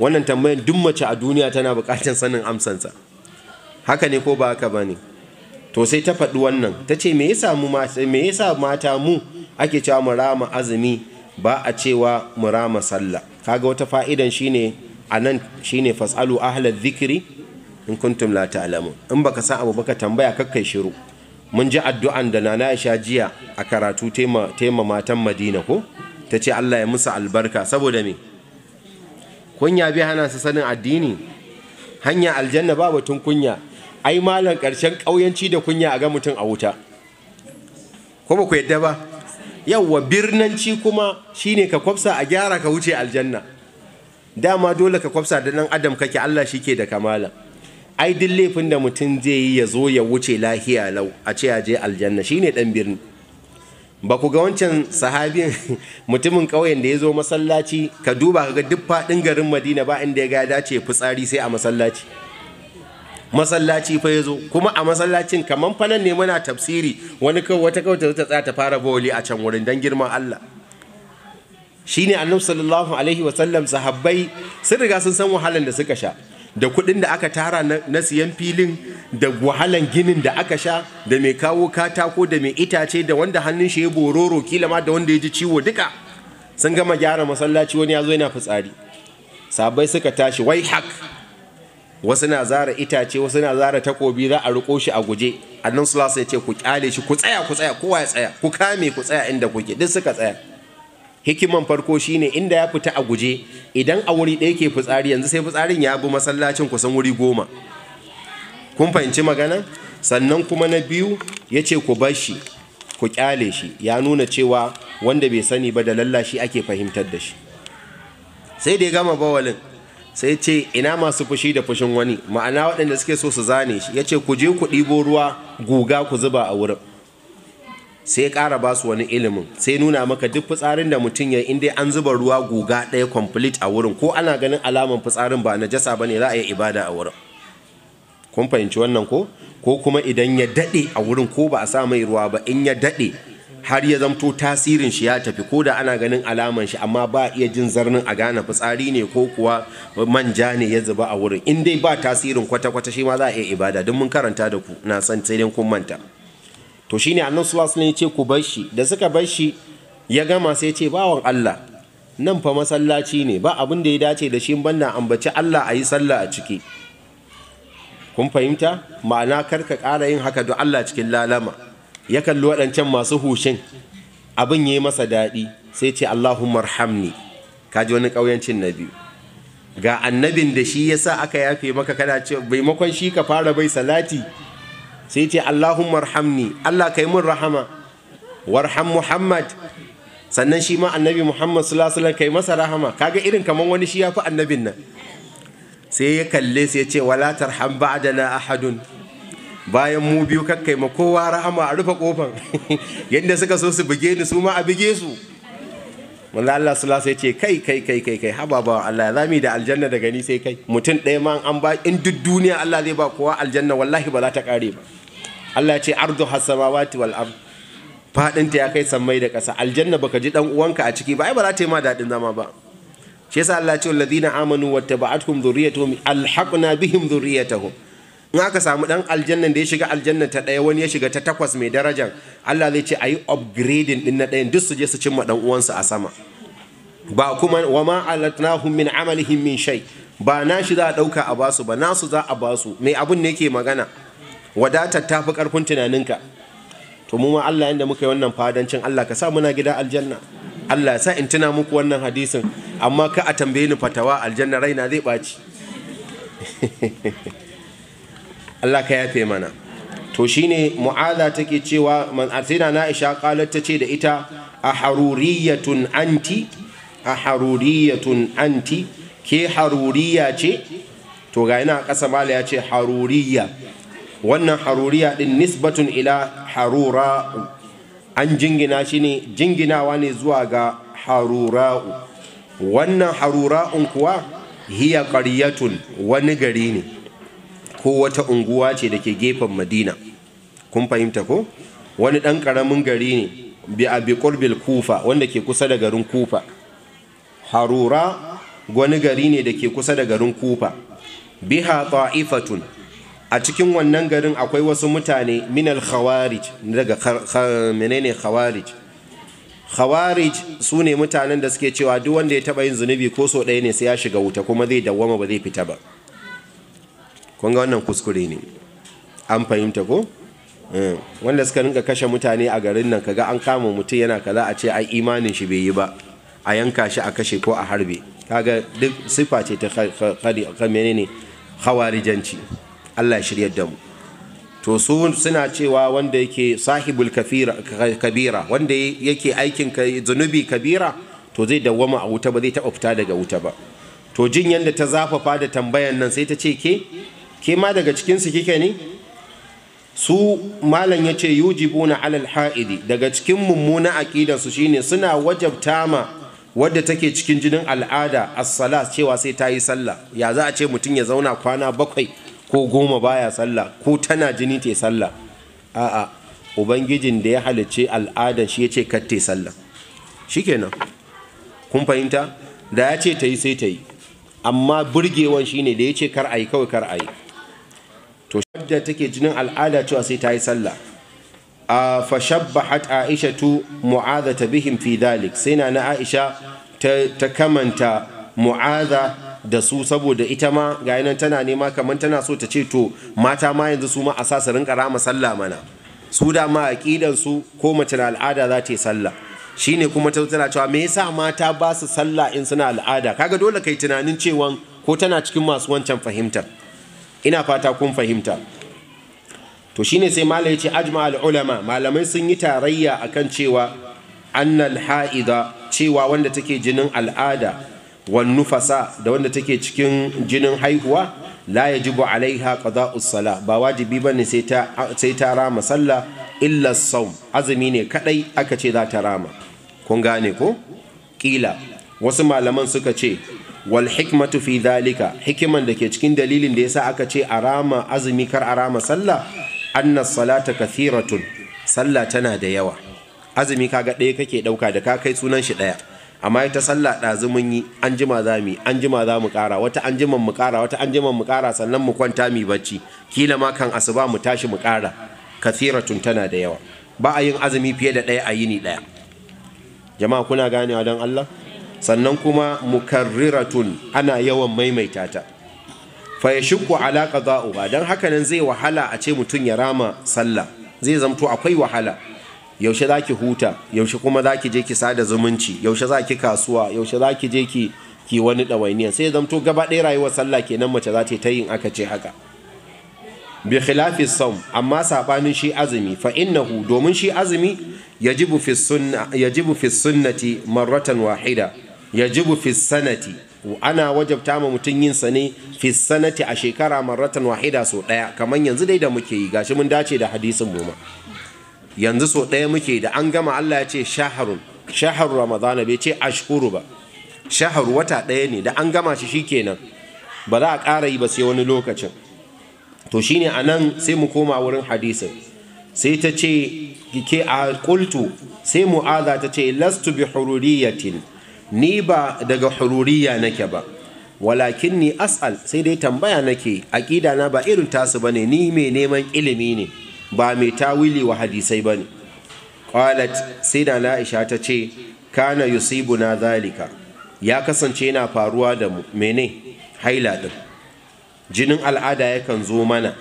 wannan tambayan duk mace a duniya tana buƙatar sanin amsansa haka ne ko ba haka ba ne to sai ta faɗi wannan ta ce me yasa mata mu ake cewa mu rama azumi ba a cewa mu rama sallah kaga wata fa'idan shine anan shine fasalu ahlal zikiri in kuntum la ta'lamun in baka san abu baka tambaya kakkai shiru mun ji addu'an da nana Aisha jiya a karatu tema matan Madina ko tace Allah ya musa albarka saboda me kunya bai hana su sanin addini hanya aljanna ba batun kunya ai malam karshen ƙauyanci da kunya a ga mutum a wuta ko ba ku yadda ba yawwa birnanci kuma shine ka kwafsa a gyara ka wuce aljanna dama dole ka kwafsa da nan adam kake Allah shike da kamala ai duk laifin da mutum zai yi ya zo ya wuce lahiya lau a ce ya je aljanna shine ɗan birni ba ku ga wancan sahabin mutumin ƙauyen da ya zo masallaci ka duba ka ga duk faɗin garin madina ba inda ya ga dace fitsari sai a masallaci masallaci fa ya zo kuma a masallacin kamar fanan ne muna tafsiri wani kawai wata kawai ta tsaya ta fara boli a can wurin don girman Allah shine annabi sallallahu alaihi wasallam sahabbai sun riga sun san wahalan da suka sha da kuɗin da aka tara na siyan filin da wahalan ginin da aka sha da mai kawo katako da mai itace da wanda hannun shi ya bororo kila ma da wanda ya ji ciwo duka sun gama gyara masallaci wani ya zo yana fitsari sabai suka tashi wai hak wasu na zara itace wasu na zara takobi za a riko shi a guje annan sulasa ya ce ku kyale shi ku tsaya ku tsaya kowa ya tsaya ku kame ku tsaya inda kuke duk suka tsaya hikiman farko shine inda ya fita a guje idan a wuri ɗaya ke fitsari yanzu sai fitsarin ya bi masallacin kusan wuri goma kun fahimci magana sannan kuma na biyu ya ce ku bar shi ku kyale shi ya nuna cewa wanda bai sani ba da lallashi ake fahimtar da shi sai da ya gama bawalin sai ce ina masu fushi da fushin wani ma'ana waɗanda suke so su zane shi ya ce ku je ku ɗibo ruwa guga ku zuba a wurin sai ƙara ba su wani ilimin sai nuna maka duk fitsarin da mutum ya inda an zuba ruwa guga ɗaya complete a wurin ko ana ganin alaman fitsarin ba na jasa ba ne za a yi ibada a wurin kun fahimci wannan ko ko kuma idan ya daɗe a wurin ko ba a sa mai ruwa ba in ya daɗe har ya zamto tasirin shi ya tafi ko da ana ganin alaman shi amma ba iya jin zarnin a gane fitsari ne ko kuwa manja ne ya zuba a wurin in dai ba tasirin kwata-kwata shi ma za a iya ibada don mun karanta da ku na san sai dai kun manta to shine annabi sallallahu alaihi wasallam ya ce ku bar shi da suka bar shi ya gama sai ce bawan Allah nan fa masallaci ne ba abin da ya dace da shi banna ambaci Allah a yi sallah a ciki kun fahimta ma'ana karka ƙara yin haka don Allah cikin lalama ya kalli waɗancan masu hushin abin ya yi masa daɗi sai ce Allahumma rahamni ji wani ƙauyancin na biyu ga annabin da shi yasa aka yafe maka kana ce maimakon shi ka fara bai salati sai ce Allahun marhamni Allah kai mun rahama warham Muhammad sannan shi ma annabi Muhammad sallallahu alaihi kai masa rahama kaga irin kaman wani shi ya fi annabin nan sai ya kalle sai ya ce wala tarham ba'dana ahadun bayan mu biyu kakkai ma kowa rahama a rufe kofan yadda suka so su buge ni su ma a buge su wanda Allah su sai ce kai kai kai kai kai haba ba Allah za mu da aljanna daga ni sai kai mutum ɗaya ma an ba in duk duniya Allah zai ba kowa aljanna wallahi ba za ta kare ba Allah ce ardu hasamawati wal ard ta ya kai sammai da ƙasa aljanna baka ji dan uwanka a ciki ba ai ba za ta yi ma dadin zama ba shi yasa Allah ce alladhina amanu wattaba'atkum dhurriyyatuhum alhaqna bihim dhurriyyatahum in aka samu dan Aljanna da ya shiga aljanna ta daya wani ya shiga ta takwas mai darajan Allah zai ce ayi upgrading din na dayan duk su je su cimma dan uwansu a sama ba kuma wa ma alatnahum min amalihim min shay ba na shi za a dauka a basu ba nasu za a basu mai abun ne yake magana wadatar ta fi ƙarfin tunaninka to mu ma Allah yanda muka yi wannan fadancin Allah ka sa muna gida aljanna Allah sa in tuna muku wannan hadisin amma ka a tambaye ni fatawa aljanna raina zai ɓaci Allah ka yafe mana to shine mu'aza take cewa na Aisha qalat tace da ita a haruriyatun anti a haruriyatun anti ke haruriya ce to ga ina ƙasa mala ya ce haruriya wannan haruriya din nisbatun ila harura'u an jingina shi ne jinginawa ne zuwa ga harura'u wannan harura'un kuwa hiya ƙaryatun wani gari ne ko wata unguwa ce da ke gefen madina kun fahimta ko wani ɗan ƙaramin gari ne bi a biƙurbil kufa wanda ke kusa da garin kufa harura wani gari ne da ke kusa da garin kufa biha ta'ifatun a cikin wannan garin akwai wasu mutane minal khawarij daga menene khawarij khawarij su ne mutanen da suke cewa duk wanda ya taba yin zunubi ko so ɗaya ne sai ya shiga wuta kuma zai dawwama ba zai fita ba kun ga wannan kuskure ne an fahimta ko eh, wanda suka rinka kashe mutane a garin nan kaga an kama mutum yana kaza a ce ai imanin shi bai yi ba a yanka shi a kashe ko a harbe kaga duk sifa ce ta menene khawarijanci Allah ya shirya da mu to su suna cewa wanda yake sahibul kabira wanda yake aikin zunubi kabira to zai dawwama a wuta ba zai taɓa fita daga wuta ba to jin yadda ta zafafa da tambayan nan sai ta ce ke ke ma daga cikinsu kike ne su malam ya ce yujibuna alal ha'idi daga cikin mummuna su shine suna wajabta ma wadda take cikin jinin al'ada as-salat cewa sai ta yi sallah ya za a ce mutum ya zauna kwana bakwai ko goma baya sallah ko tana jini te sallah a'a ubangijin da ya halicce al'ada shi ya ce katte sallah shikenan kun fahimta da ya ce ta yi sai ta yi amma burgewan shine da ya ce kar a yi kawai kar a yi to shadda take jinin al'ada cewa sai ta yi sallah a fashabbahat aisha tu mu'adha ta bihim fi dalik sai na aisha ta kamanta mu'adha da su saboda ita ma ga nan tana nema kamar tana so ta ce to mata ma yanzu su ma a sa su rinka rama sallah mana su da ma aqidan su ko mace na al'ada za ta yi sallah shine kuma ta tana cewa me yasa mata ba su sallah in suna al'ada kaga dole kai tunanin cewa ko tana cikin masu wancan fahimtar ina fata kun fahimta to shine sai malai ya ce ajma ulama malamai sun yi tarayya akan cewa annal ha'ida cewa wanda take jinin al'ada Wannu Fasa, da wanda take cikin jinin haihuwa la yajibu alaiha qada'us usala ba wajibi ba ne sai ta rama sallah illa saum azumi ne kaɗai. aka ce za ta rama kun gane ko Ƙila. wasu malaman suka ce wal hikmatu fi dalika hikiman da ke cikin dalilin da yasa aka ce a rama azumi kar a rama sallah anna salata kathiratun sallah tana da yawa azumi kaga ɗaya kake ɗauka da ka kai sunan shi ɗaya amma ita sallah ɗazu mun yi an jima za mu an jima za mu ƙara wata an jima mu ƙara wata an jima mu ƙara sannan mu kwanta mu bacci kila ma kan asuba mu tashi mu ƙara kathiratun tana da yawa ba a yin azumi fiye da ɗaya a yini ɗaya jama'a kuna ganewa don Allah sannan kuma mukarriratun ana yawan maimaita ta fa yashqu ala qada'uha dan haka nan zai wahala a ce mutum ya rama sallah zai zamto akwai wahala yaushe za ki huta yaushe kuma za ki je ki sada zumunci yaushe za ki kasuwa yaushe za ki je ki ki wani ɗawainiyan sai zamto gaba ɗaya rayuwar sallah kenan mace za ta yin aka ce haka bi khilafi saum amma saɓanin shi azumi fa innahu domin shi azumi yajibu fi sunna yajibu fi sunnati marratan wahida yajibu fi sanati ana wajabta ma mutum yin sa ne fi sanati a shekara marratan wahida so daya kamar yanzu dai da muke yi gashi mun dace da hadisin mu yanzu so ɗaya muke da an gama Allah ya ce shaharun shaharu ramadana bai ce ashkuru ba shaharu wata ɗaya ne da an gama shi shikenan ba za a ƙara yi ba sai wani lokacin to shine nan sai mu koma wurin hadisin sai ta ce ke a kultu sai mu'aza ta ce lastu bi hururiyatin ni ba daga hururiya nake ba walakin ni as'al sai dai tambaya nake A na ba irin tasu bane ni mai neman ilimi ne ba mai tawili wa hadisai ba ne ƙwalat sai da na'isha ta ce kana yusibu na zalika ya kasance yana faruwa da mu mene haila din jinin al'ada yakan zo mana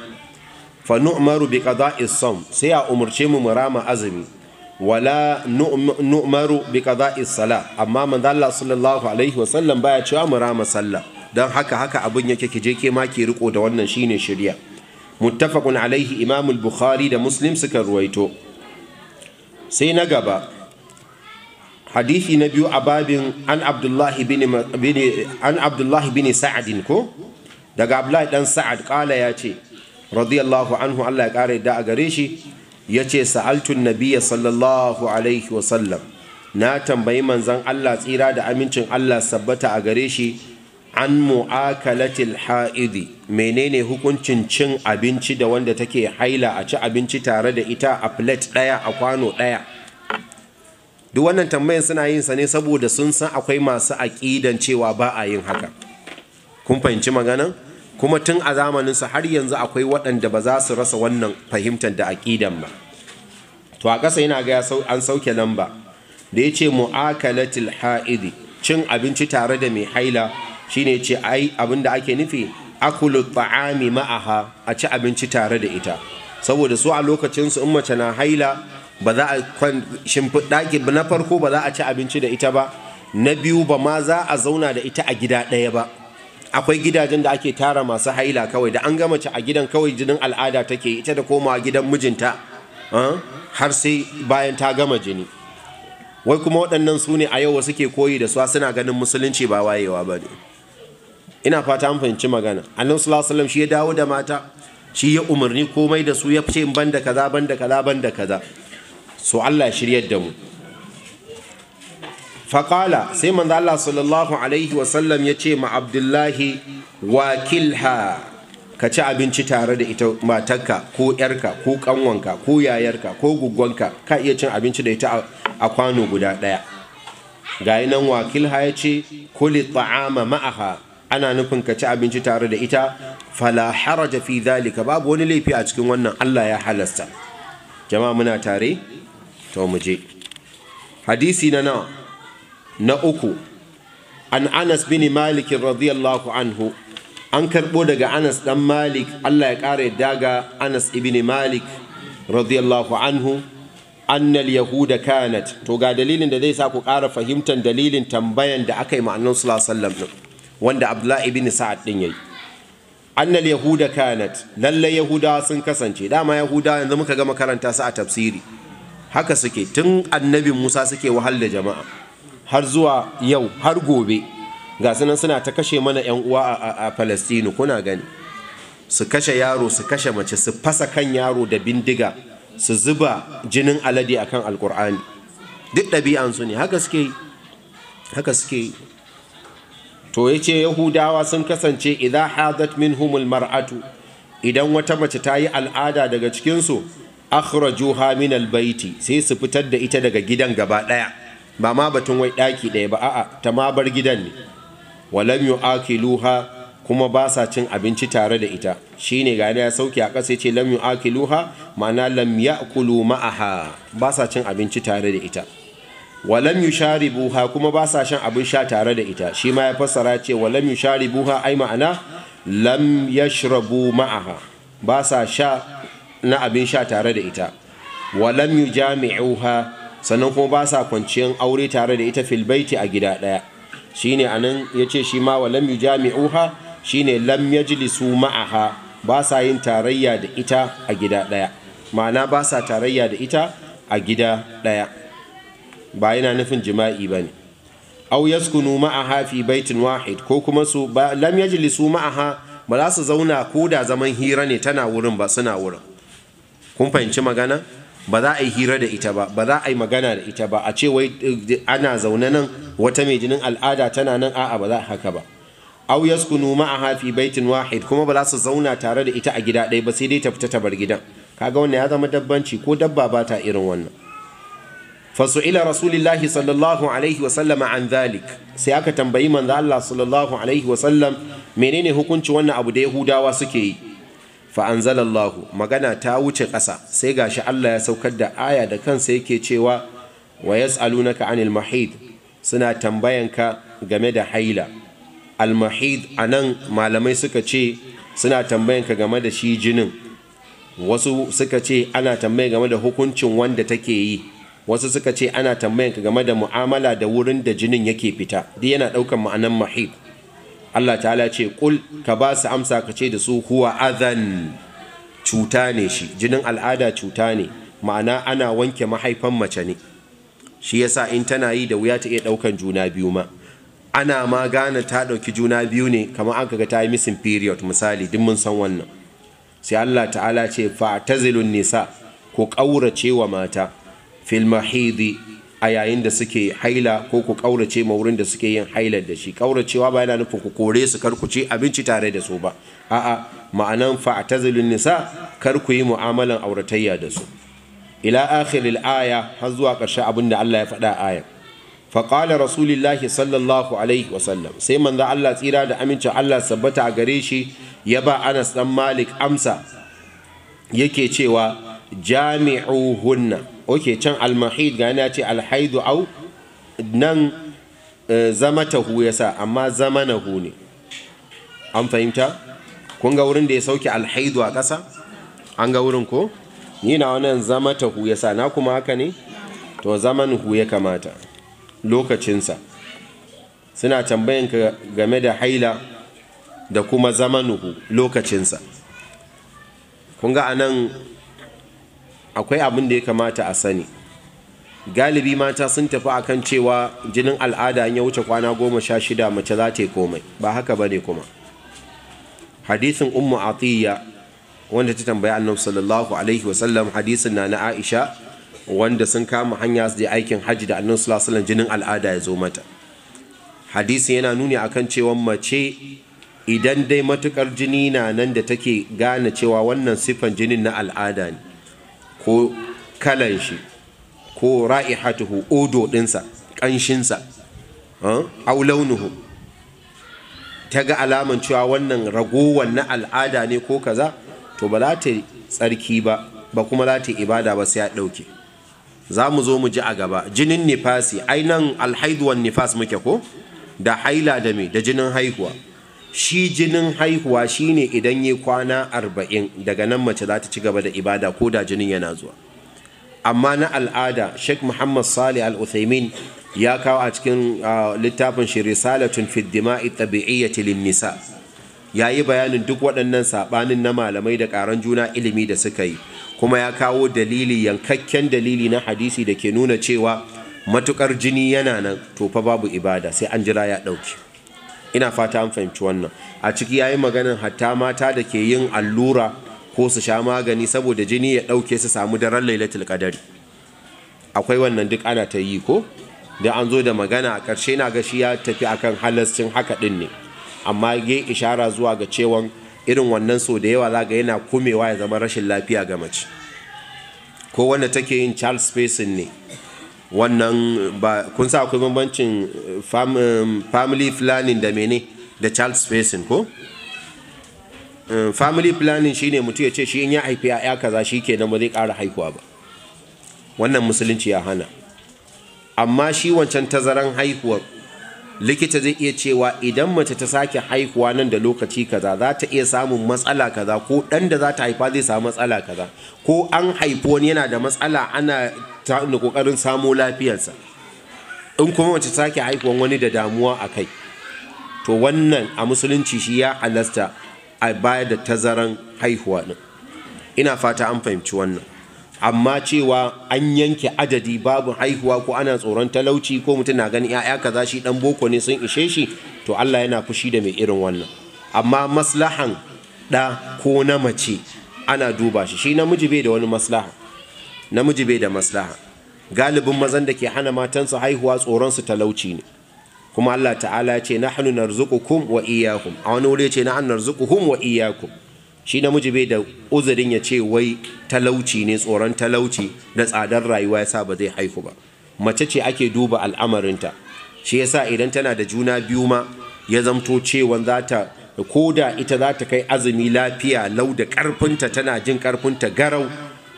fa nu'maru bi qada'is sam sai a umarce mu murama azumi wala nu'maru bi qada'is sala amma manzo Allah sallallahu alaihi wasallam baya cewa murama sallah Don haka haka abin yake kije ke ma ki riko da wannan shine shirya muttafaqun alaihi imamul bukhari da muslim suka ruwaito sai na gaba hadisi na biyu a babin an abdullahi bin sa'adin ko daga abdullahi dan sa'ad kala ya ce radiyallahu anhu Allah ya kara yadda a gare shi ya ce sa'altun nabiya sallallahu alaihi wasallam na tambayi manzan Allah tsira da amincin Allah sabbata a gare shi an mu'akalatil ha'idi menene hukuncin cin abinci da wanda take haila a ci abinci tare da ita a plate ɗaya a kwano ɗaya duk wannan tambayan suna yin sa ne saboda sun san akwai masu aƙidan cewa ba a yin haka kun fahimci maganan kuma tun a zamanin su har yanzu akwai waɗanda ba za su rasa wannan fahimtar da aƙidan ba to a ƙasa yana ga an sauke lamba da ya ce mu'akalatil ha'idi cin abinci tare da mai haila ne ce ai abin da ake nufi akulu ta'ami ma'aha a ci abinci tare da ita saboda su a lokacinsu, in mace na haila ba za a shimfiɗa na farko ba za a ci abinci da ita ba na biyu ba ma za a zauna da ita a gida ɗaya ba akwai gidajen da ake tara masu haila kawai da an gama ci a gidan kawai jinin al'ada take ita da komawa gidan mijinta ah, har sai bayan ta gama jini wai kuma waɗannan su ne a yau suke koyi da su suna ganin musulunci ba wayewa ba ne ina fata an fahimci magana annabi sallallahu alaihi shi ya dawo da mata shi ya umarni komai da su ya fice in banda kaza banda kaza banda kaza so Allah shiryar da mu faƙala sai manzo Allah sallallahu alaihi wasallam ya ce ma Abdullahi wakilha ka ci abinci tare da ita matarka ko yarka ko kanwanka ko yayarka ko guggonka ka iya cin abinci da ita a kwano guda ɗaya ga nan wakilha ya ce kuli ta'ama ma'aha ana nufin ka ci abinci tare da ita fala haraja fi dhalika babu wani laifi a cikin wannan Allah ya halasta jama'a muna tare to mu je hadisi na nawa na uku an Anas bin Malik radiyallahu anhu an karbo daga Anas dan Malik Allah ya kare daga Anas ibn Malik radiyallahu anhu annal yahuda kanat to ga dalilin da zai sa ku kara fahimtar dalilin tambayan da aka yi ma'annan sallallahu alaihi wasallam wanda abdullahi ibn sa'ad din yayi annal yahuda kanat lalle yahuda sun kasance dama yahuda yanzu muka ga makaranta su a tafsiri haka suke tun annabin musa suke wahal da jama'a har zuwa yau har gobe ga sunan suna ta kashe mana yan uwa a Palestine kuna gani su kashe yaro su kashe mace su fasa kan yaro da bindiga su zuba jinin alade akan alkur'ani duk ɗabi'ansu ne haka suke haka suke yi to ce yahudawa sun kasance idza hadat minhumul mar'atu idan wata mace ta yi al'ada daga cikin su akhrajuha min albayti sai su fitar da ita daga gidan gaba daya ba ma batun wai daki daya ba a'a ta ma bar gidan ne walam yu'akiluha kuma ba sa cin abinci tare da ita shine ga ya sauke a kasa yace lam yu'akiluha ma'ana lam ya'kulu ma'aha ba sa cin abinci tare da ita walam yusharibuha kuma ba sa shan abin sha tare da ita shi ma ya fassara ce walam yusharibuha ai ma'ana lam yashrabu ma'aha ba sa sha na abin sha tare da ita walam yujami'uha sannan kuma ba sa kwanciyar aure tare da ita fil a gida daya shine anan yace shi ma walam yujami'uha shine lam yajlisu ma'aha ba sa yin tarayya da ita a gida daya ma'ana ba sa tarayya da ita a gida daya ba yana nufin jima'i ba ne au yaskunu ma'aha fi baitin wahid ko kuma su ba lam yajlisu ma'aha ba za su zauna ko da zaman hira ne tana wurin ba suna wurin kun fahimci magana ba za a yi hira da ita ba ba za a yi magana da ita ba a ce wai eh, ana zaune nan wata mai jinin al'ada tana nan a'a ba za haka ba au yaskunu ma'aha fi baitin wahid kuma ba za su zauna tare da ita a gida ɗaya ba sai dai ta fita ta bar gidan kaga wannan ya zama dabbanci ko dabba ba ta irin wannan fasu'ila rasulillahi sallallahu alaihi wasallam an zalik sai aka tambayi manzo Allah sallallahu alaihi wasallam menene hukunci wannan abu da yahudawa suke yi fa anzalallahu magana ta wuce ƙasa sai gashi Allah ya saukar da aya da kansa yake cewa wa yas'alunaka anil mahid suna tambayanka game da haila al mahid anan malamai suka ce suna tambayanka game da shi jinin wasu suka ce ana tambaya game da hukuncin wanda take yi wasu suka ce ana tambayan ka game da mu'amala da wurin da jinin yake fita duk yana ɗaukan ma'anan mahid Allah ta'ala ce kul ka ba su amsa ka ce da su huwa adhan cuta ne shi jinin al'ada cuta ne ma'ana ana wanke mahaifan mace ne shi yasa in tana yi da wuya ta iya ɗaukan juna biyu ma ana ma gane ta ɗauki juna biyu ne kamar an kaga ta yi missing period misali duk mun san wannan sai Allah ta'ala ce fa tazilun nisa ko ƙaurace wa mata Filma a yayin da suke haila ko ku ƙaurace ma wurin da suke yin haila da shi kauracewa ba yana nufin ku kore su kar ku ci abinci tare da su ba a'a ma'anan fa tazilun nisa kar ku yi mu'amalan auratayya da su ila akhiril aya har zuwa ƙarshe abin da Allah ya faɗa aya fa qala rasulillahi sallallahu alaihi wa sallam sai manzo Allah tsira da amincin Allah sabbata a gare shi ya ba Anas dan Malik amsa yake cewa jami'uhunna oke can almahid gani ya ce alhaidu au nan eh, zama tahu ya sa amma zama na hu ne an fahimta kun ga wurin da ya sauke alhaidu a ƙasa an ga wurin ko ni na wannan zama tahu ya sa na kuma haka ne to zaman hu ya kamata lokacinsa suna tambayin ka game da haila da kuma hu lokacinsa kun ga anan akwai abin da ya kamata a sani galibi mata sun tafi akan cewa jinin al'ada ya wuce kwana goma sha shida mace za ta yi komai ba haka ba ne kuma hadisin ummu atiyya wanda ta tambaya annabi sallallahu alaihi wasallam hadisin na na aisha wanda sun kama hanya su je aikin hajji da annabi sallallahu alaihi jinin al'ada ya zo mata hadisi yana nuni akan cewa mace idan dai matukar jini na nan da take gane cewa wannan siffan jinin na al'ada ne ko kalan shi ko ra'ihatuhu odo ɗinsa ƙanshinsa au launuhu ta ga alaman cewa wannan ragowar na al'ada ne ko kaza to ba za ta tsarki ba ba kuma za ta ibada ba sai ya ɗauke za mu zo mu ji a gaba jinin nifasi ainihin alhaiduwan nifas muke ko da haila da me da jinin haihuwa shi jinin haihuwa shine idan ya kwana arba'in daga nan mace za ta ci gaba da ibada ko da jinin yana zuwa amma na al'ada sheikh muhammad salih al-uthaymin ya kawo a cikin littafin shi risalatun fi dima'i tabi'iyyati lin nisa yayi bayanin duk waɗannan sabanin na malamai da ƙaran juna ilimi da suka yi kuma ya kawo dalili yankakken dalili na hadisi da ke nuna cewa matukar jini yana nan to fa babu ibada sai an jira ya ɗauki ina fata an fahimci wannan a ciki yayi maganin hatta mata da ke yin allura ko su sha magani saboda jini ya ɗauke su samu daren lailatul qadari akwai wannan duk ana ta yi ko da an zo da magana a ƙarshe na ga shi ya tafi akan halascin haka ɗin ne amma ge ishara zuwa ga cewan irin wannan so da yawa zaga yana kumewa ya zama rashin lafiya ga mace ko wanda take yin Charles Spacing ne wannan ba kun sa akwai bambancin eh, um, family planning da mene da child spacing ko eh, family planning shine mutum ya ce shi in ya haifi ya kaza shi ke ba zai ƙara haihuwa ba wannan musulunci ya hana amma shi wancan tazaran haihuwar likita zai iya cewa idan mace ta sake haihuwa nan da lokaci kaza za ta iya samun matsala kaza ko ɗan da za ta haifa zai samu matsala kaza ko an haifi wani yana da matsala ana ta kokarin samo lafiyarsa in kuma mace ta sake haihuwan wani da damuwa a kai to wannan a musulunci shi ya halasta a baya da tazaran haihuwa ɗin ina fata an fahimci wannan amma cewa an yanke adadi babu haihuwa ko ana tsoron talauci ko mutum na gani ya'ya kaza shi dan boko ne sun ishe shi to Allah yana fushi da mai irin wannan amma maslahan da ko na mace ana duba shi shi namiji bai da wani maslaha namiji bai da maslaha galibin mazan da ke hana matansu haihuwa tsoron su talauci ne kuma Allah ta'ala ya ce nahnu narzuqukum wa iyyakum a wani wuri ya ce nahnu narzuquhum wa iyyakum shi namiji bai da uzurin ya ce wai talauci ne tsoron talauci da tsadar rayuwa yasa ba zai haihu ba mace ce ake duba al'amarinta shi yasa idan tana da juna biyu ma ya zamto cewa za ta ko da ita za ta kai azumi lafiya lau da karfinta tana jin karfinta garau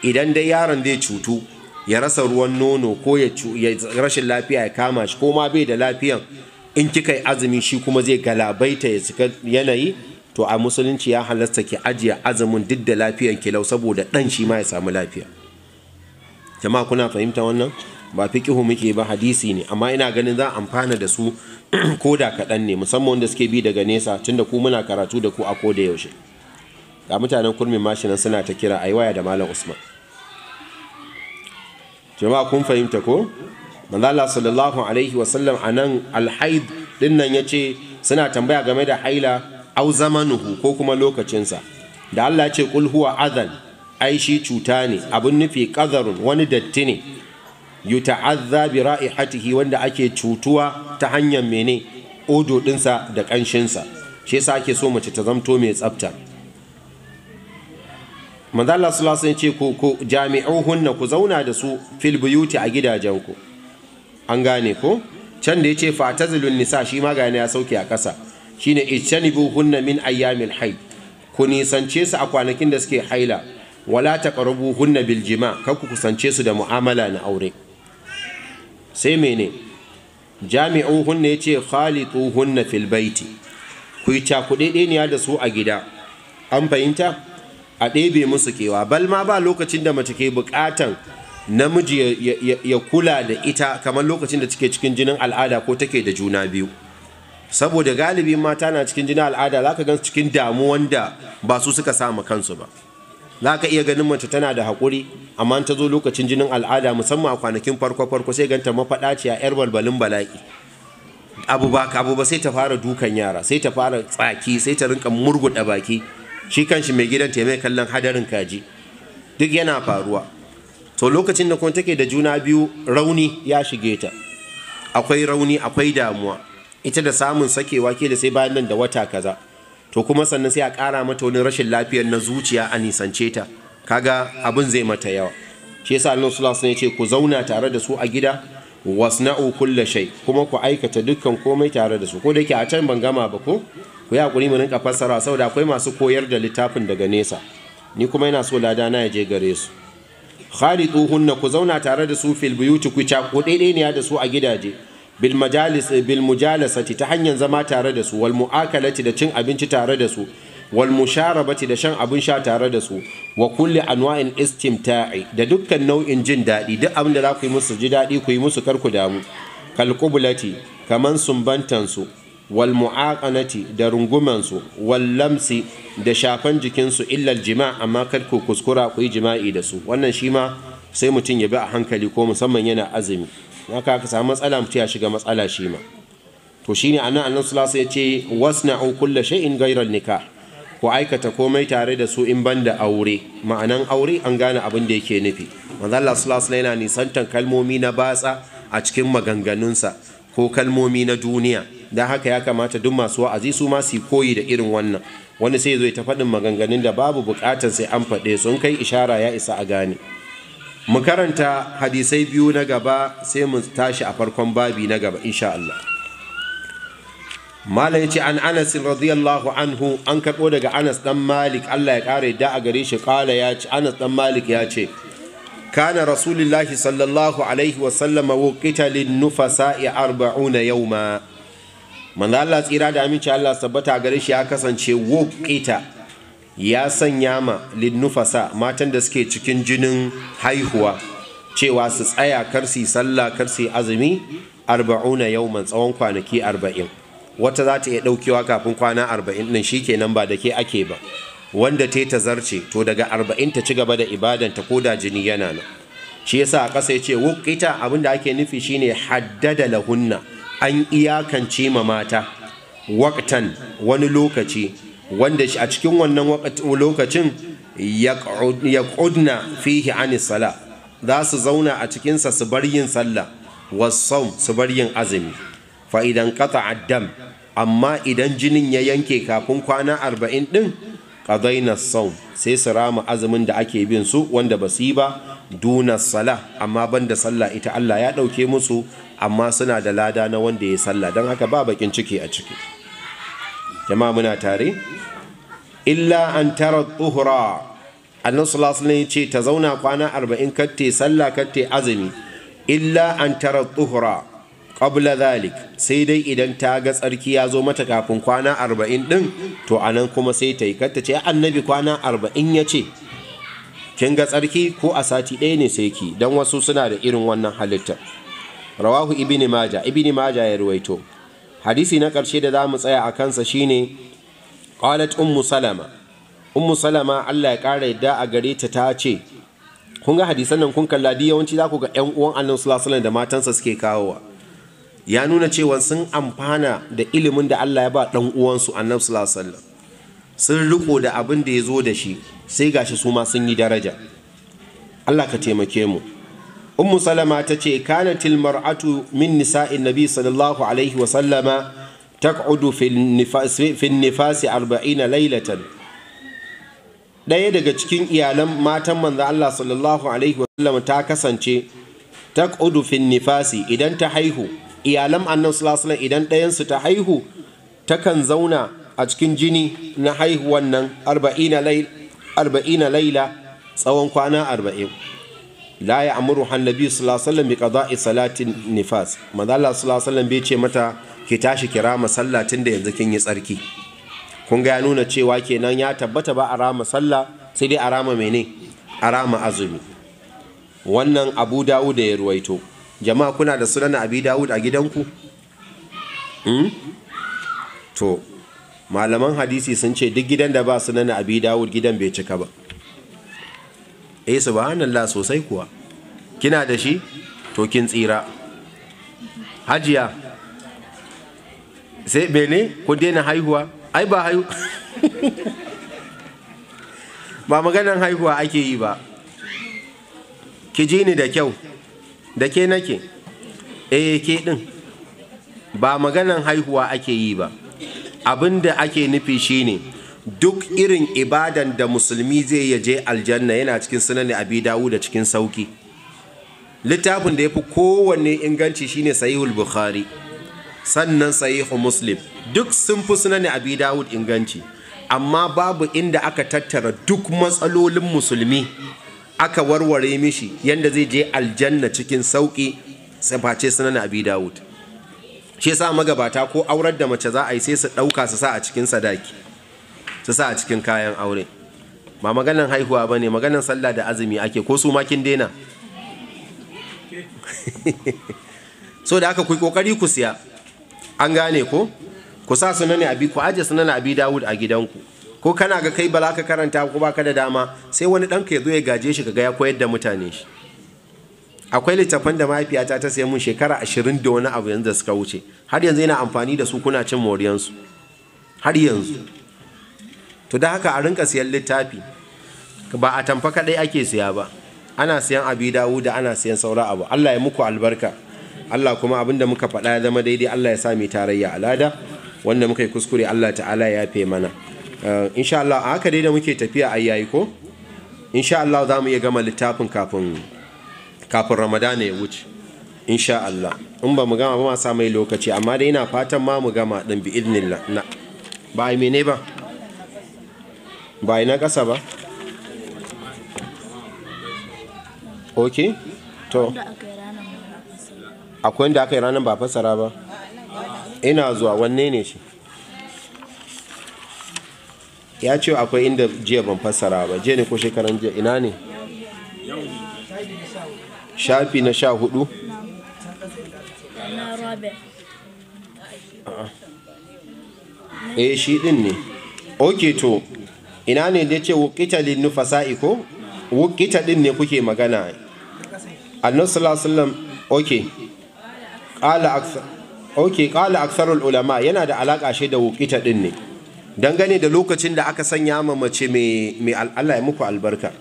idan dai yaron zai cutu ya rasa ruwan nono ko ya rashin lafiya ya kama shi ko ma bai da lafiyan in kika yi azumi shi kuma zai galabaita ya yanayi to a musulunci ya halasta ki ajiye azumin duk da lafiyan ki lau saboda dan shi ma ya samu lafiya jama'a kuna fahimta wannan ba fiqihu muke ba hadisi ne amma ina ganin za amfana da su ko da kaɗan ne musamman wanda suke bi daga nesa tunda ku muna karatu da ku a ko da yaushe ga mutanen kurmin mashinan suna ta kira a waya da malam usman jama'a kun fahimta ko manzala sallallahu alaihi wasallam a nan alhaid dinnan ya ce suna tambaya game da haila au zamanuhu ko kuma lokacinsa da Allah ce kul huwa adhan ai shi cuta ne abin nufi qadarun wani datti ne yuta'azza bi ra'ihatihi wanda ake cutuwa ta hanyar mene odo dinsa da sa shi yasa ake so mace ta zamto mai tsafta manzo Allah sallallahu alaihi ce ku jami'uhunna ku zauna da su fil buyuti a gidajenku an gane ko can da yace fatazilun nisa shi ma ga ya sauke a ƙasa shine ijtanibu hunna min ayyamil hayd ku nisance su a kwanakin da suke haila wala taqrabu hunna bil jima kar kusance su da mu'amala na aure sai mene jami'u hunna yace khalitu hunna fil baiti ku yi ɗeniya da su a gida an fahimta a ɗebe musu kewa bal ma ba lokacin da mace ke buƙatan namiji ya kula da ita kamar lokacin da take cikin jinin al'ada ko take da juna biyu saboda galibi mata na cikin jinin al'ada za ka gan cikin damuwan da ba su suka samu kansu ba za ka iya ganin mace tana da haƙuri amma ta zo lokacin jinin al'ada musamman a kwanakin farko-farko sai ganta a 'yar balbalin bala'i abu ba abu ba sai ta fara dukan yara sai ta fara tsaki sai ta rinka murguɗa baki shi kanshi mai gidan ta mai kallon hadarin kaji duk yana faruwa to lokacin da kuma take da juna biyu rauni ya shige ta akwai rauni akwai damuwa ita da samun sakewa ke da sai bayan nan da wata kaza to kuma sannan sai a ƙara mata wani rashin lafiyar na zuciya a nisance ta kaga abin zai mata yawa shi yasa Allah sallallahu alaihi ce ku zauna tare da su a gida wasna'u kulli shay kuma ku aikata dukkan komai tare da su ko da yake a can ban gama ba ko ku yi hakuri mu rinka fassara saboda akwai masu koyar da littafin daga nesa ni kuma ina so lada na ya je gare su khaliduhunna ku zauna tare da su fil buyuti ku ta ku daidai ne da su a gidaje bil eh, ta hanyar zama tare da su wal da cin abinci tare da su walmushara da shan abin sha tare da su wa kulli anwa'in istimta'i da dukkan nau'in jin daɗi duk abin da za ku yi musu ji daɗi ku yi musu karku damu kal kaman sumbantan su wal da runguman su wal lamsi da shafan jikin su jima' amma kar ku kuskura ku yi jima'i da su wannan shi ma sai mutum ya bi a hankali ko musamman yana azumi na aka samu matsala mutum ya shiga matsala shi ma to shi anan annan sulasa ya ce wasna'u kulla in gairar nika ku aikata komai tare da su in banda aure ma'anan aure an gane abin da yake nufi manzo Allah sallallahu alaihi yana nisantan kalmomi na batsa a cikin maganganunsa ko kalmomi na duniya dan haka ya kamata duk masu wa'azi su ma su koyi da irin wannan wani sai zo ta faɗin maganganun da babu buƙatar sai an faɗe sun kai ishara ya isa a gane mu karanta hadisai biyu na gaba sai mu tashi a farkon babi na gaba insha Allah Malam ya ce an Anas radiyallahu anhu an karɓo daga Anas dan Malik Allah ya ƙara da a gare shi ƙala ya ce Anas dan Malik ya kana rasulullahi sallallahu alaihi wa sallama wuqita lin nufasa 40 yawma manzo Allah tsira da aminci Allah sabbata gare shi ya kasance wuqita ya sanya ma linnufasa matan da suke cikin jinin haihuwa cewa su tsaya karsi sallah kar azumi arba'una yawman tsawon kwanaki arba'in wata za ta iya ɗaukewa kafin kwana arba'in ɗin shi kenan ba da ke ake ba wanda ta ta zarce to daga arba'in ta ci gaba da ibadanta ko da jini yana nan shi yasa a ƙasa ya ce wukita abin da ake nufi shine haddada lahunna an iyakance ma mata waktan wani lokaci wanda a cikin wannan lokacin ya ƙudna fihi anis sala za su zauna a cikinsa su bar yin sallah wasau su bar yin azumi fa idan qata'a adam, amma idan jinin ya yanke kafin kwana arba'in ɗin na sau. sai su rama azumin da ake bin su wanda ba su yi ba duna sala amma banda sallah ita Allah ya ɗauke musu amma suna da lada na wanda ya sallah don haka ba bakin ciki a ciki jama'a muna tare illa an tara tuhura annan sulasulun ce ta zauna kwana arba'in katte sallah katte azumi illa an tara tuhura ƙabla zalik sai dai idan ta ga tsarki ya zo mata kafin kwana arba'in ɗin to a nan kuma sai ta yi katta ce annabi kwana arba'in ya ce kin ga tsarki ko a sati ɗaya ne sai ki don wasu suna da irin wannan halitta rawahu ibini maja ibini maja ya ruwaito hadisi na ƙarshe da za mu tsaya a kansa shine ƙwalat ummu salama ummu salama Allah ya ƙara yadda a gare ta ta ce kun ga hadisan nan kun kalla di yawanci za ku ga 'yan uwan annan sulasulan da matansa suke kawowa ya nuna cewa sun amfana da ilimin da Allah ya ba ɗan uwansu annan sulasulan sun riko da abin da ya zo da shi sai gashi su ma sun yi daraja Allah ka taimake mu ummu salama ta ce kanatil mar'atu min nisa'in nabi sallallahu alaihi wa sallama taq'udu fin nifasi arba'ina lailatan ɗaya daga cikin iyalan matan manzo Allah sallallahu alaihi wa sallama ta kasance taq'udu fin nifasi idan ta haihu iyalan annan sallallahu idan ɗayansu ta haihu takan zauna a cikin jini na haihuwan nan arba'ina laila tsawon kwana arba'in la ya amuru hannabi sallallahu bi qada'i salatin nifas Mazala Allah sallallahu bai ce mata ki tashi kira masalla tun da yanzu kin yi tsarki kun ga ya nuna cewa kenan ya tabbata ba a rama sallah sai dai a rama mene a rama azumi wannan abu da ya ruwaito jama'a kuna da sunan abi dawud a gidanku hmm? to malaman hadisi sun ce duk gidan da ba sunan abi dawud gidan bai cika ba eh subhanallah sosai kuwa kina da shi to kin tsira hajiya sai bene ku daina haihuwa ai ba haihu ba maganan haihuwa ake yi ba ki ji ni da kyau da ke nake eh ke din ba maganan haihuwa ake yi ba abin da ake nufi shine duk irin ibadan da musulmi zai ya je aljanna yana cikin sunan abi dawu da cikin sauki littafin da ya fi kowanne inganci shine sahihul bukhari sannan sahihu muslim duk sun fi sunan abi dawud inganci amma babu inda aka tattara duk matsalolin musulmi aka warware mishi yadda zai je aljanna cikin sauki face sunan abi dawud shi yasa magabata ko aurar da mace za a yi sai su ɗauka su sa a cikin sadaki ta sa a cikin kayan aure ba maganan haihuwa ba ne maganan sallah da azumi ake ko su makin daina so da aka kai kokari ku siya an gane ko ku sa sunan abi ku aje abi dawud a gidanku ko kana ga kai bala ka karanta ko baka da dama sai wani ɗanka ya zo ya gaje shi kaga ya koyar da mutane shi akwai littafan da mahaifiyata ta sayi mun shekara ashirin da wani abu yanzu da suka wuce har yanzu yana amfani da su kuna cin moriyansu har yanzu to da haka a rinka siyan littafi ba a tamfa kadai ake siya ba ana siyan abi dawu da ana siyan saura abu Allah ya muku albarka Allah kuma abinda muka faɗa ya zama daidai Allah ya sa mu tarayya alada wanda muka yi kuskure Allah ta'ala ya fe mana eh, insha Allah a haka dai da muke tafiya a yayi ko insha Allah za mu iya gama littafin kafin kafin Ramadan ya wuce insha Allah in ba mu gama ba ma sa mai lokaci amma dai ina fatan ma mu gama din bi idnillah ba ai mene ba ba na ƙasa ba ok to akwai inda aka yi ranar ba fasara ba ina zuwa wanne ne shi ya ce akwai inda jiya ban fasara ba jiya ne ko shekaran jiya ina ne shafi na sha hudu eh shi din ne ok to ina ne da ce wukita lin nufasa'i ko wukita din ne kuke magana annabi sallallahu okay qala ulama yana da alaka shi da wukita din ne dangane da lokacin da aka sanya ma mace mai Allah ya muku albarka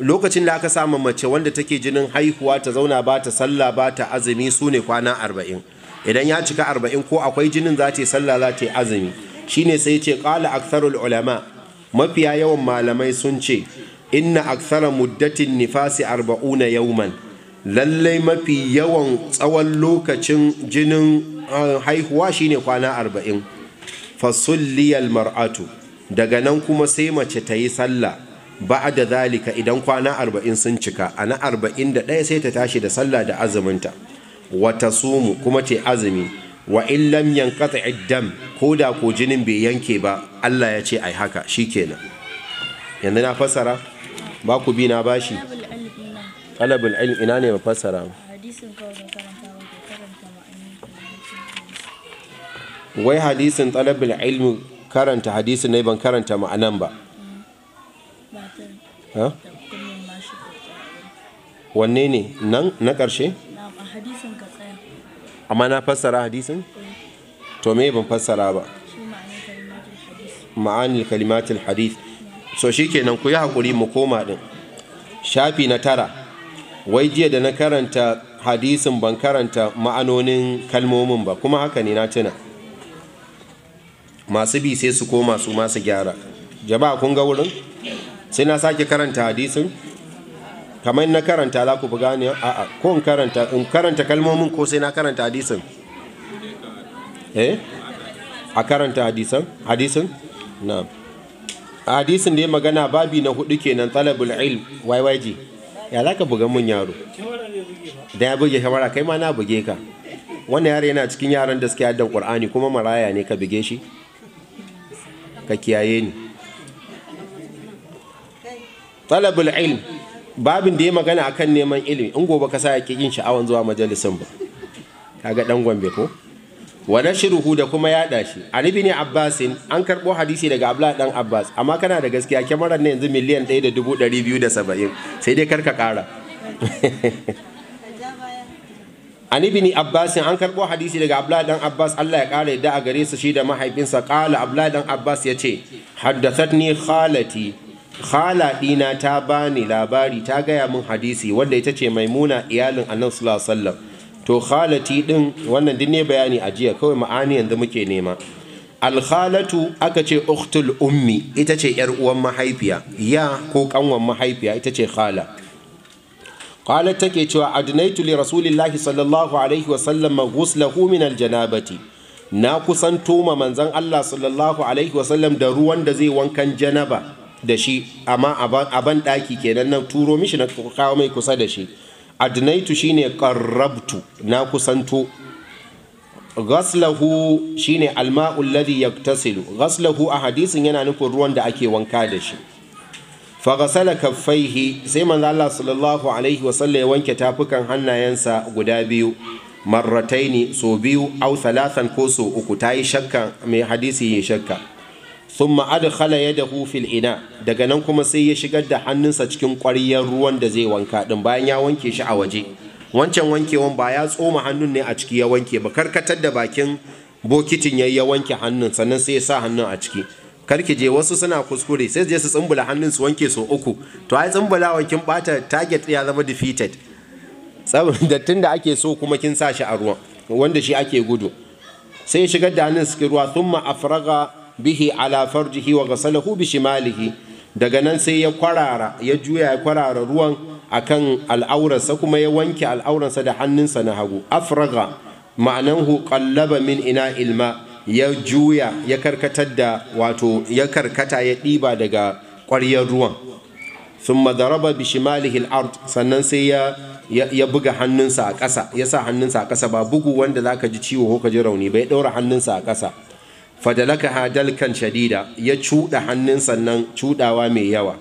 lokacin da aka ma mace wanda take jinin haihuwa ta zauna ba ta sallah ba ta azumi su ne kwana arba'in idan ya cika arba'in ko akwai jinin za ta yi sallah za ta yi azumi shine sai ce kala aksarul ulama mafiya yawan malamai sun ce inna aksara muddatin nifasi arba'una yauman lallai mafi yawan tsawon lokacin jinin eh, haihuwa shine kwana arba'in fasulliyal mar'atu daga nan kuma sai mace ta yi sallah ba da zalika idan kwana arba'in sun cika a na arba'in da ɗaya sai ta tashi da sallah da azuminta wata sumu kuma ce azumi wa in lam yankata iddam ko da ko jinin bai yanke ba Allah ya ce ai haka shikenan yanzu na fassara ba ku bi na bashi talabul ilm ina ne ba fassara wai hadisin talabul ilm karanta hadisin ne ban karanta ma'anan ba wanne ne nan na ƙarshe amma na fassara hadisin to me ban fassara ba ma'ani kalimatul hadith so shikenan ku yi hakuri mu koma din shafi na tara wai jiya da na karanta hadisin ban karanta ma'anonin kalmomin ba kuma haka ne na tuna masu bi sai su koma su masu gyara jama'a kun ga wurin sai na sake karanta hadisin kamar na karanta za ku buga ne a a ko in karanta in karanta kalmomin ko sai na karanta hadisin eh a karanta hadisin hadisin na hadisin da ya magana babi na hudu kenan talabul ilm yyg ya za ka buga mun yaro da ya buge shawara kai ma na buge ka wannan yaro yana cikin yaran da suke haddan qur'ani kuma maraya ne ka buge shi ka kiyaye ni talabul ilm babin da ya magana akan neman ilimi in gobe ka sa ya yin sha'awan zuwa majalisin ba kaga dan gombe ko wa nashruhu da kuma ya shi an ibn abbas an karbo hadisi daga abdullahi dan abbas amma kana da gaskiya kyamarar ne yanzu miliyan 1.270 sai dai karka kara an ibn abbas an karbo hadisi daga abdullahi dan abbas Allah ya ƙara yadda a gare su shi da mahaifinsa qala abdullahi dan abbas yace haddathatni khalati khala dina ta bani labari ta gaya min hadisi wanda ita ce maimuna iyalin annabi sallallahu to khalati din wannan din ne bayani a jiya kawai ma'ani yanzu muke nema alkhalatu aka ce uktul ummi ita ce yar uwan mahaifiya ya ko kanwan mahaifiya ita ce khala qalat take cewa adnaitu li rasulillahi sallallahu alaihi wasallam ghuslahu min janabati na kusanto ma manzon Allah sallallahu alaihi wasallam da ruwan da zai wankan janaba da shi amma a ban ɗaki kenan na turo mishi na kawo mai kusa da shi adnaitu shine karabtu na kusanto ghaslahu shine alma'u alladhi yaktasilu gaslahu a hadisin yana nufin ruwan da ake wanka da shi fa ghasala sai manzo Allah sallallahu alaihi wa sallam ya wanke tafukan hannayensa guda biyu marrataini so biyu au thalathan ko so uku tayi shakka mai hadisi yin shakka thumma adkhala yadahu fil ina daga nan kuma sai ya shigar da hannunsa cikin ƙwaryar ruwan da zai wanka din bayan ya wanke shi a waje wancan wankewan ba ya tsoma hannun ne a ciki ya wanke ba karkatar da bakin bokitin yayi ya wanke hannun sannan sai ya sa hannun a ciki karki je wasu suna kuskure sai je su tsumbula hannun su wanke so uku to ai tsumbula wankin bata target ya zama defeated saboda da ake so kuma kin sa shi a ruwan wanda shi ake gudu sai ya shigar da hannun cikin ruwa thumma afraga bihi ala farjihi wa ghasalahu bi shimalihi daga nan sai ya kwarara ya juya ya kwarara ruwan akan al'aurarsa kuma ya wanke al'aurarsa da hannunsa na hagu afraga ma'ananhu qallaba min ina ilma ya juya ya karkatar da wato ya karkata ya ɗiba daga ƙwaryar ruwan thumma daraba bi shimalihi al sannan sai ya ya buga hannunsa a ƙasa ya sa hannunsa a ƙasa ba bugu wanda zaka ji ciwo ko ka ji rauni bai ɗaura hannunsa a ƙasa fadalaka hadalkan shadida ya cuɗa hannun sannan cuɗawa mai yawa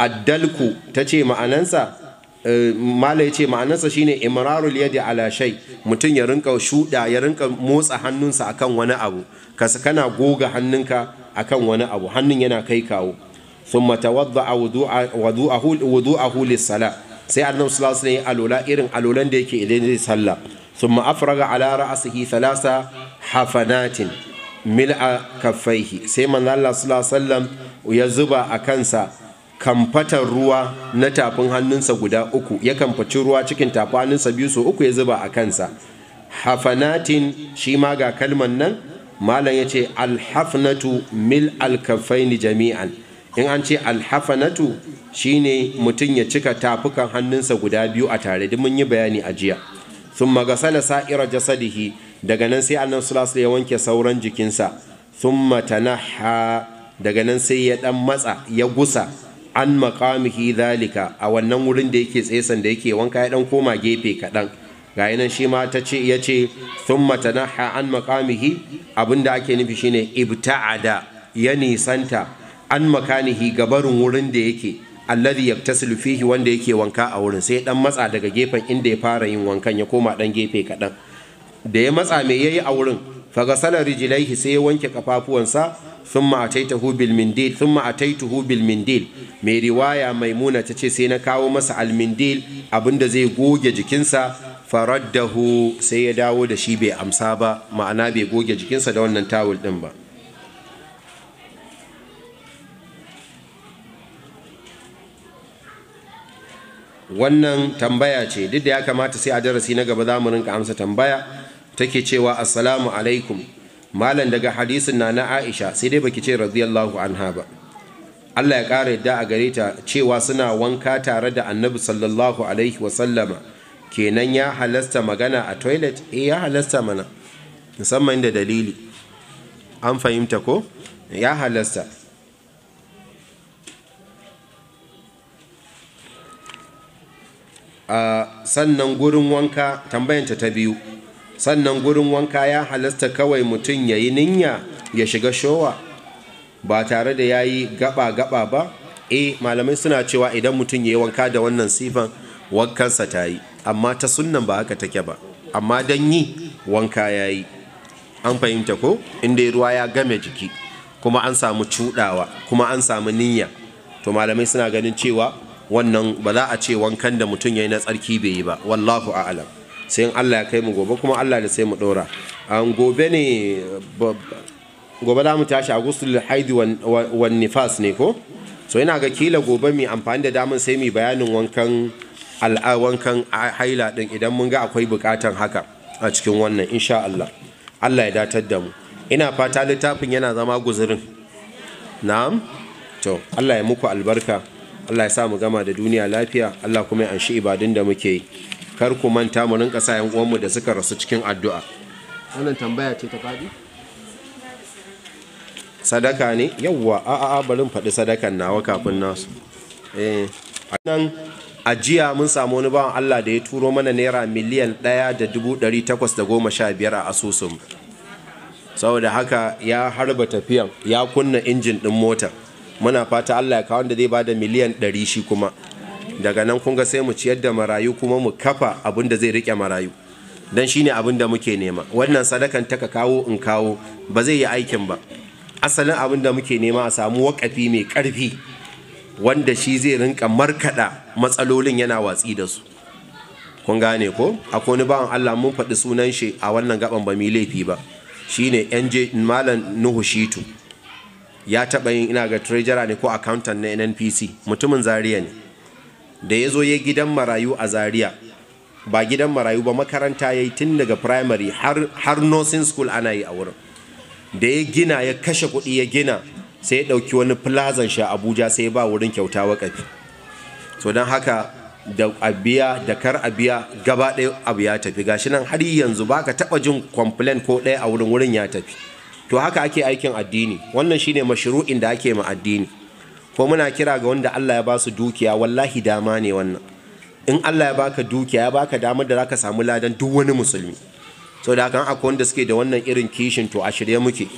addalku ta ce ma'anansa eh, mala ya ce ma'anarsa shine imrarul yadi ala shay mutum ya rinka ya rinka motsa hannunsa akan wani abu kasa kana goga hannunka akan wani abu hannun yana kai kawo thumma tawadda'a wudu'ahu wudu'ahu lis-sala sai annabi sallallahu alaihi wasallam alola irin alolan da yake idan zai sallah thumma afraga ala ra'sihi salasa hafanatin mil'a kafaihi sai manzo Allah sallallahu ya zuba a kansa kamfatar ruwa na tafin hannunsa guda uku ya kamfaci ruwa cikin tafin hannunsa biyu so uku ya zuba a kansa hafanatin shi ma ga kalman nan malam ya ce alhafnatu mil alkafaini jami'an in an ce alhafanatu shine mutum ya cika tafukan hannunsa guda biyu a tare da mun yi bayani a jiya sun magasala sa'ira jasadihi daga nan sai annabi sallallahu alaihi ya wanke sauran jikinsa thumma tanaha daga nan sai ya dan matsa ya gusa an maqamihi zalika a wannan wurin da yake tsaye da yake wanka ya dan koma gefe kadan ga nan shi ma ta ce ya ce thumma tanaha an maqamihi abinda ake nufi shine ibta'ada ya nisanta an makanihi gabarin wurin da yake ya yaktasilu fihi wanda yake wanka a wurin sai dan matsa daga gefen inda ya fara yin wankan ya koma dan gefe kadan da ya matsa me yayi a wurin fagasala rijilaihi sai ya wanke kafafuwansa thumma ataitahu bil mindil thumma ataituhu bil mindil mai riwaya ta ce sai na kawo masa al mindil abinda zai goge jikinsa faraddahu sai ya dawo da shi bai amsa ba ma'ana bai goge jikinsa da wannan tawul din ba wannan tambaya ce duk da ya kamata sai a darasi na gaba za mu rinka amsa tambaya take cewa assalamu alaikum malam daga hadisin na na Aisha sai dai baki ce radiyallahu anha ba Allah ya ƙara yadda a gare ta cewa suna wanka tare da annabi sallallahu alaihi wasallama kenan ya halasta magana a toilet eh ya halasta mana musamman da dalili an fahimta ko ya halasta ah, sannan gurin wanka tambayanta ta biyu sannan gurin wanka ya halasta kawai mutum ya yi ninya ya shiga showa ba tare da ya yi gaba-gaba ba e malamai suna cewa idan mutum ya yi wanka da wannan sifan wankansa ta yi amma ta sunan ba haka take ba amma don yi wanka ya yi an fahimta ko inda ruwa ya game jiki kuma an samu cudawa kuma an samu niyya to malamai suna ganin cewa wannan ba za a ce wankan da mutum ya yi na tsarki bai yi ba wallahu a'alam sai Allah ya kai mu gobe kuma Allah da sai mu ɗora an gobe ne gobe da mu tashi agustul haidi wan nifas ne ko so ina ga kila gobe mai amfani da daman sai mai bayanin wankan wankan haila din idan mun ga akwai bukatan haka a cikin wannan insha Allah Allah ya datar da mu ina fata littafin yana zama guzurin na'am to Allah ya muku albarka Allah ya sa mu gama da duniya lafiya Allah kuma ya anshi ibadun da muke yi kar ku manta mu rinka sa 'yan uwanmu da suka rasu cikin addu'a wannan tambaya ce ta fadi? sadaka ne yawwa a a barin faɗi sadakan nawa kafin nasu eh nan ajiya mun samu wani bawan Allah da ya turo mana naira miliyan ɗaya da dubu ɗari takwas da goma sha biyar a asusun saboda haka ya harba tafiyan ya kunna injin ɗin mota muna fata Allah ya kawo da zai bada miliyan ɗari shi kuma daga nan kun ga sai mu ciyar da marayu kuma mu kafa abin da zai rike marayu dan shine abin da muke nema wannan sadakan taka kawo in kawo ba zai yi aikin ba asalin abin da muke nema a samu wakafi mai karfi wanda shi zai rinka markaɗa matsalolin yana watsi da su kun gane ko akwai wani bawan Allah mun faɗi sunan shi a wannan gaban ba mi laifi ba shine NJ Malam Nuhu Shitu ya taɓa yin ina ga treasurer ne ko accountant na NNPC mutumin Zaria ne da ya zo ya gidan marayu a zaria ba gidan marayu ba makaranta ya yi tun daga primary har nursing school ana yi a wurin da ya gina ya kashe kuɗi ya gina sai ya ɗauki wani plazan shi abuja sai ba wurin kyauta wakafi so don haka da abiya da kar abiya gaba ɗaya abu ya tafi gashi nan har yanzu ba ka taɓa jin complain ko ɗaya a wurin wurin ya tafi to haka ake aikin addini wannan shine mashru'in da ake ma addini ko muna kira ga wanda Allah ya ba su dukiya wallahi dama ne wannan in Allah ya baka dukiya ya baka damar da zaka samu ladan duk wani musulmi Sau da kan akwai wanda suke da wannan irin kishin to a shirya muke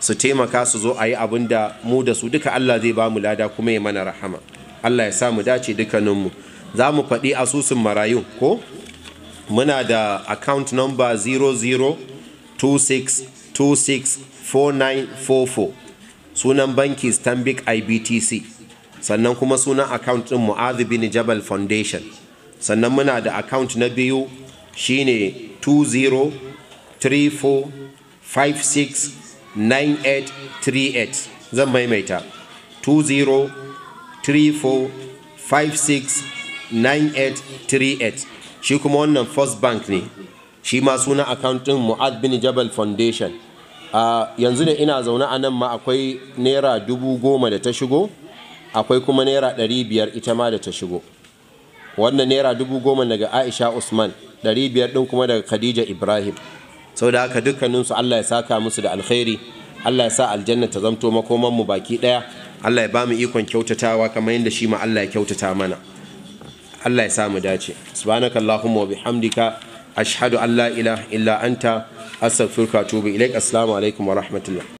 su taimaka su zo a yi abin da mu da su duka Allah zai ba mu lada kuma ya mana rahama Allah ya sa mu dace mu. za mu faɗi asusun marayu ko muna da account number 0026264944 sunan banki stanbic ibtc sannan kuma sunan account ɗin mu'adhi bin jabal foundation sannan muna da account na biyu shine 2034569838 zan maimaita 20345698 shi kuma wannan first bank ne shi ma suna account ɗin mu'adh bin jabal foundation a yanzu da ina zaune a nan ma akwai naira dubu goma da ta shigo akwai kuma naira ɗari biyar ita ma da ta shigo wannan naira dubu goma daga aisha usman ɗari biyar ɗin kuma daga khadija ibrahim sau da haka dukkaninsu allah ya saka musu da alkhairi allah ya sa aljanna ta zamto makoman mu baki ɗaya allah ya ba mu ikon kyautatawa kamar yadda shi ma allah ya kyautata mana allah ya sa mu dace subhanakallahumma wa bihamdika ashhadu an la ilaha illa anta astaghfiruka wa atubu ilaik alaikum wa rahmatullah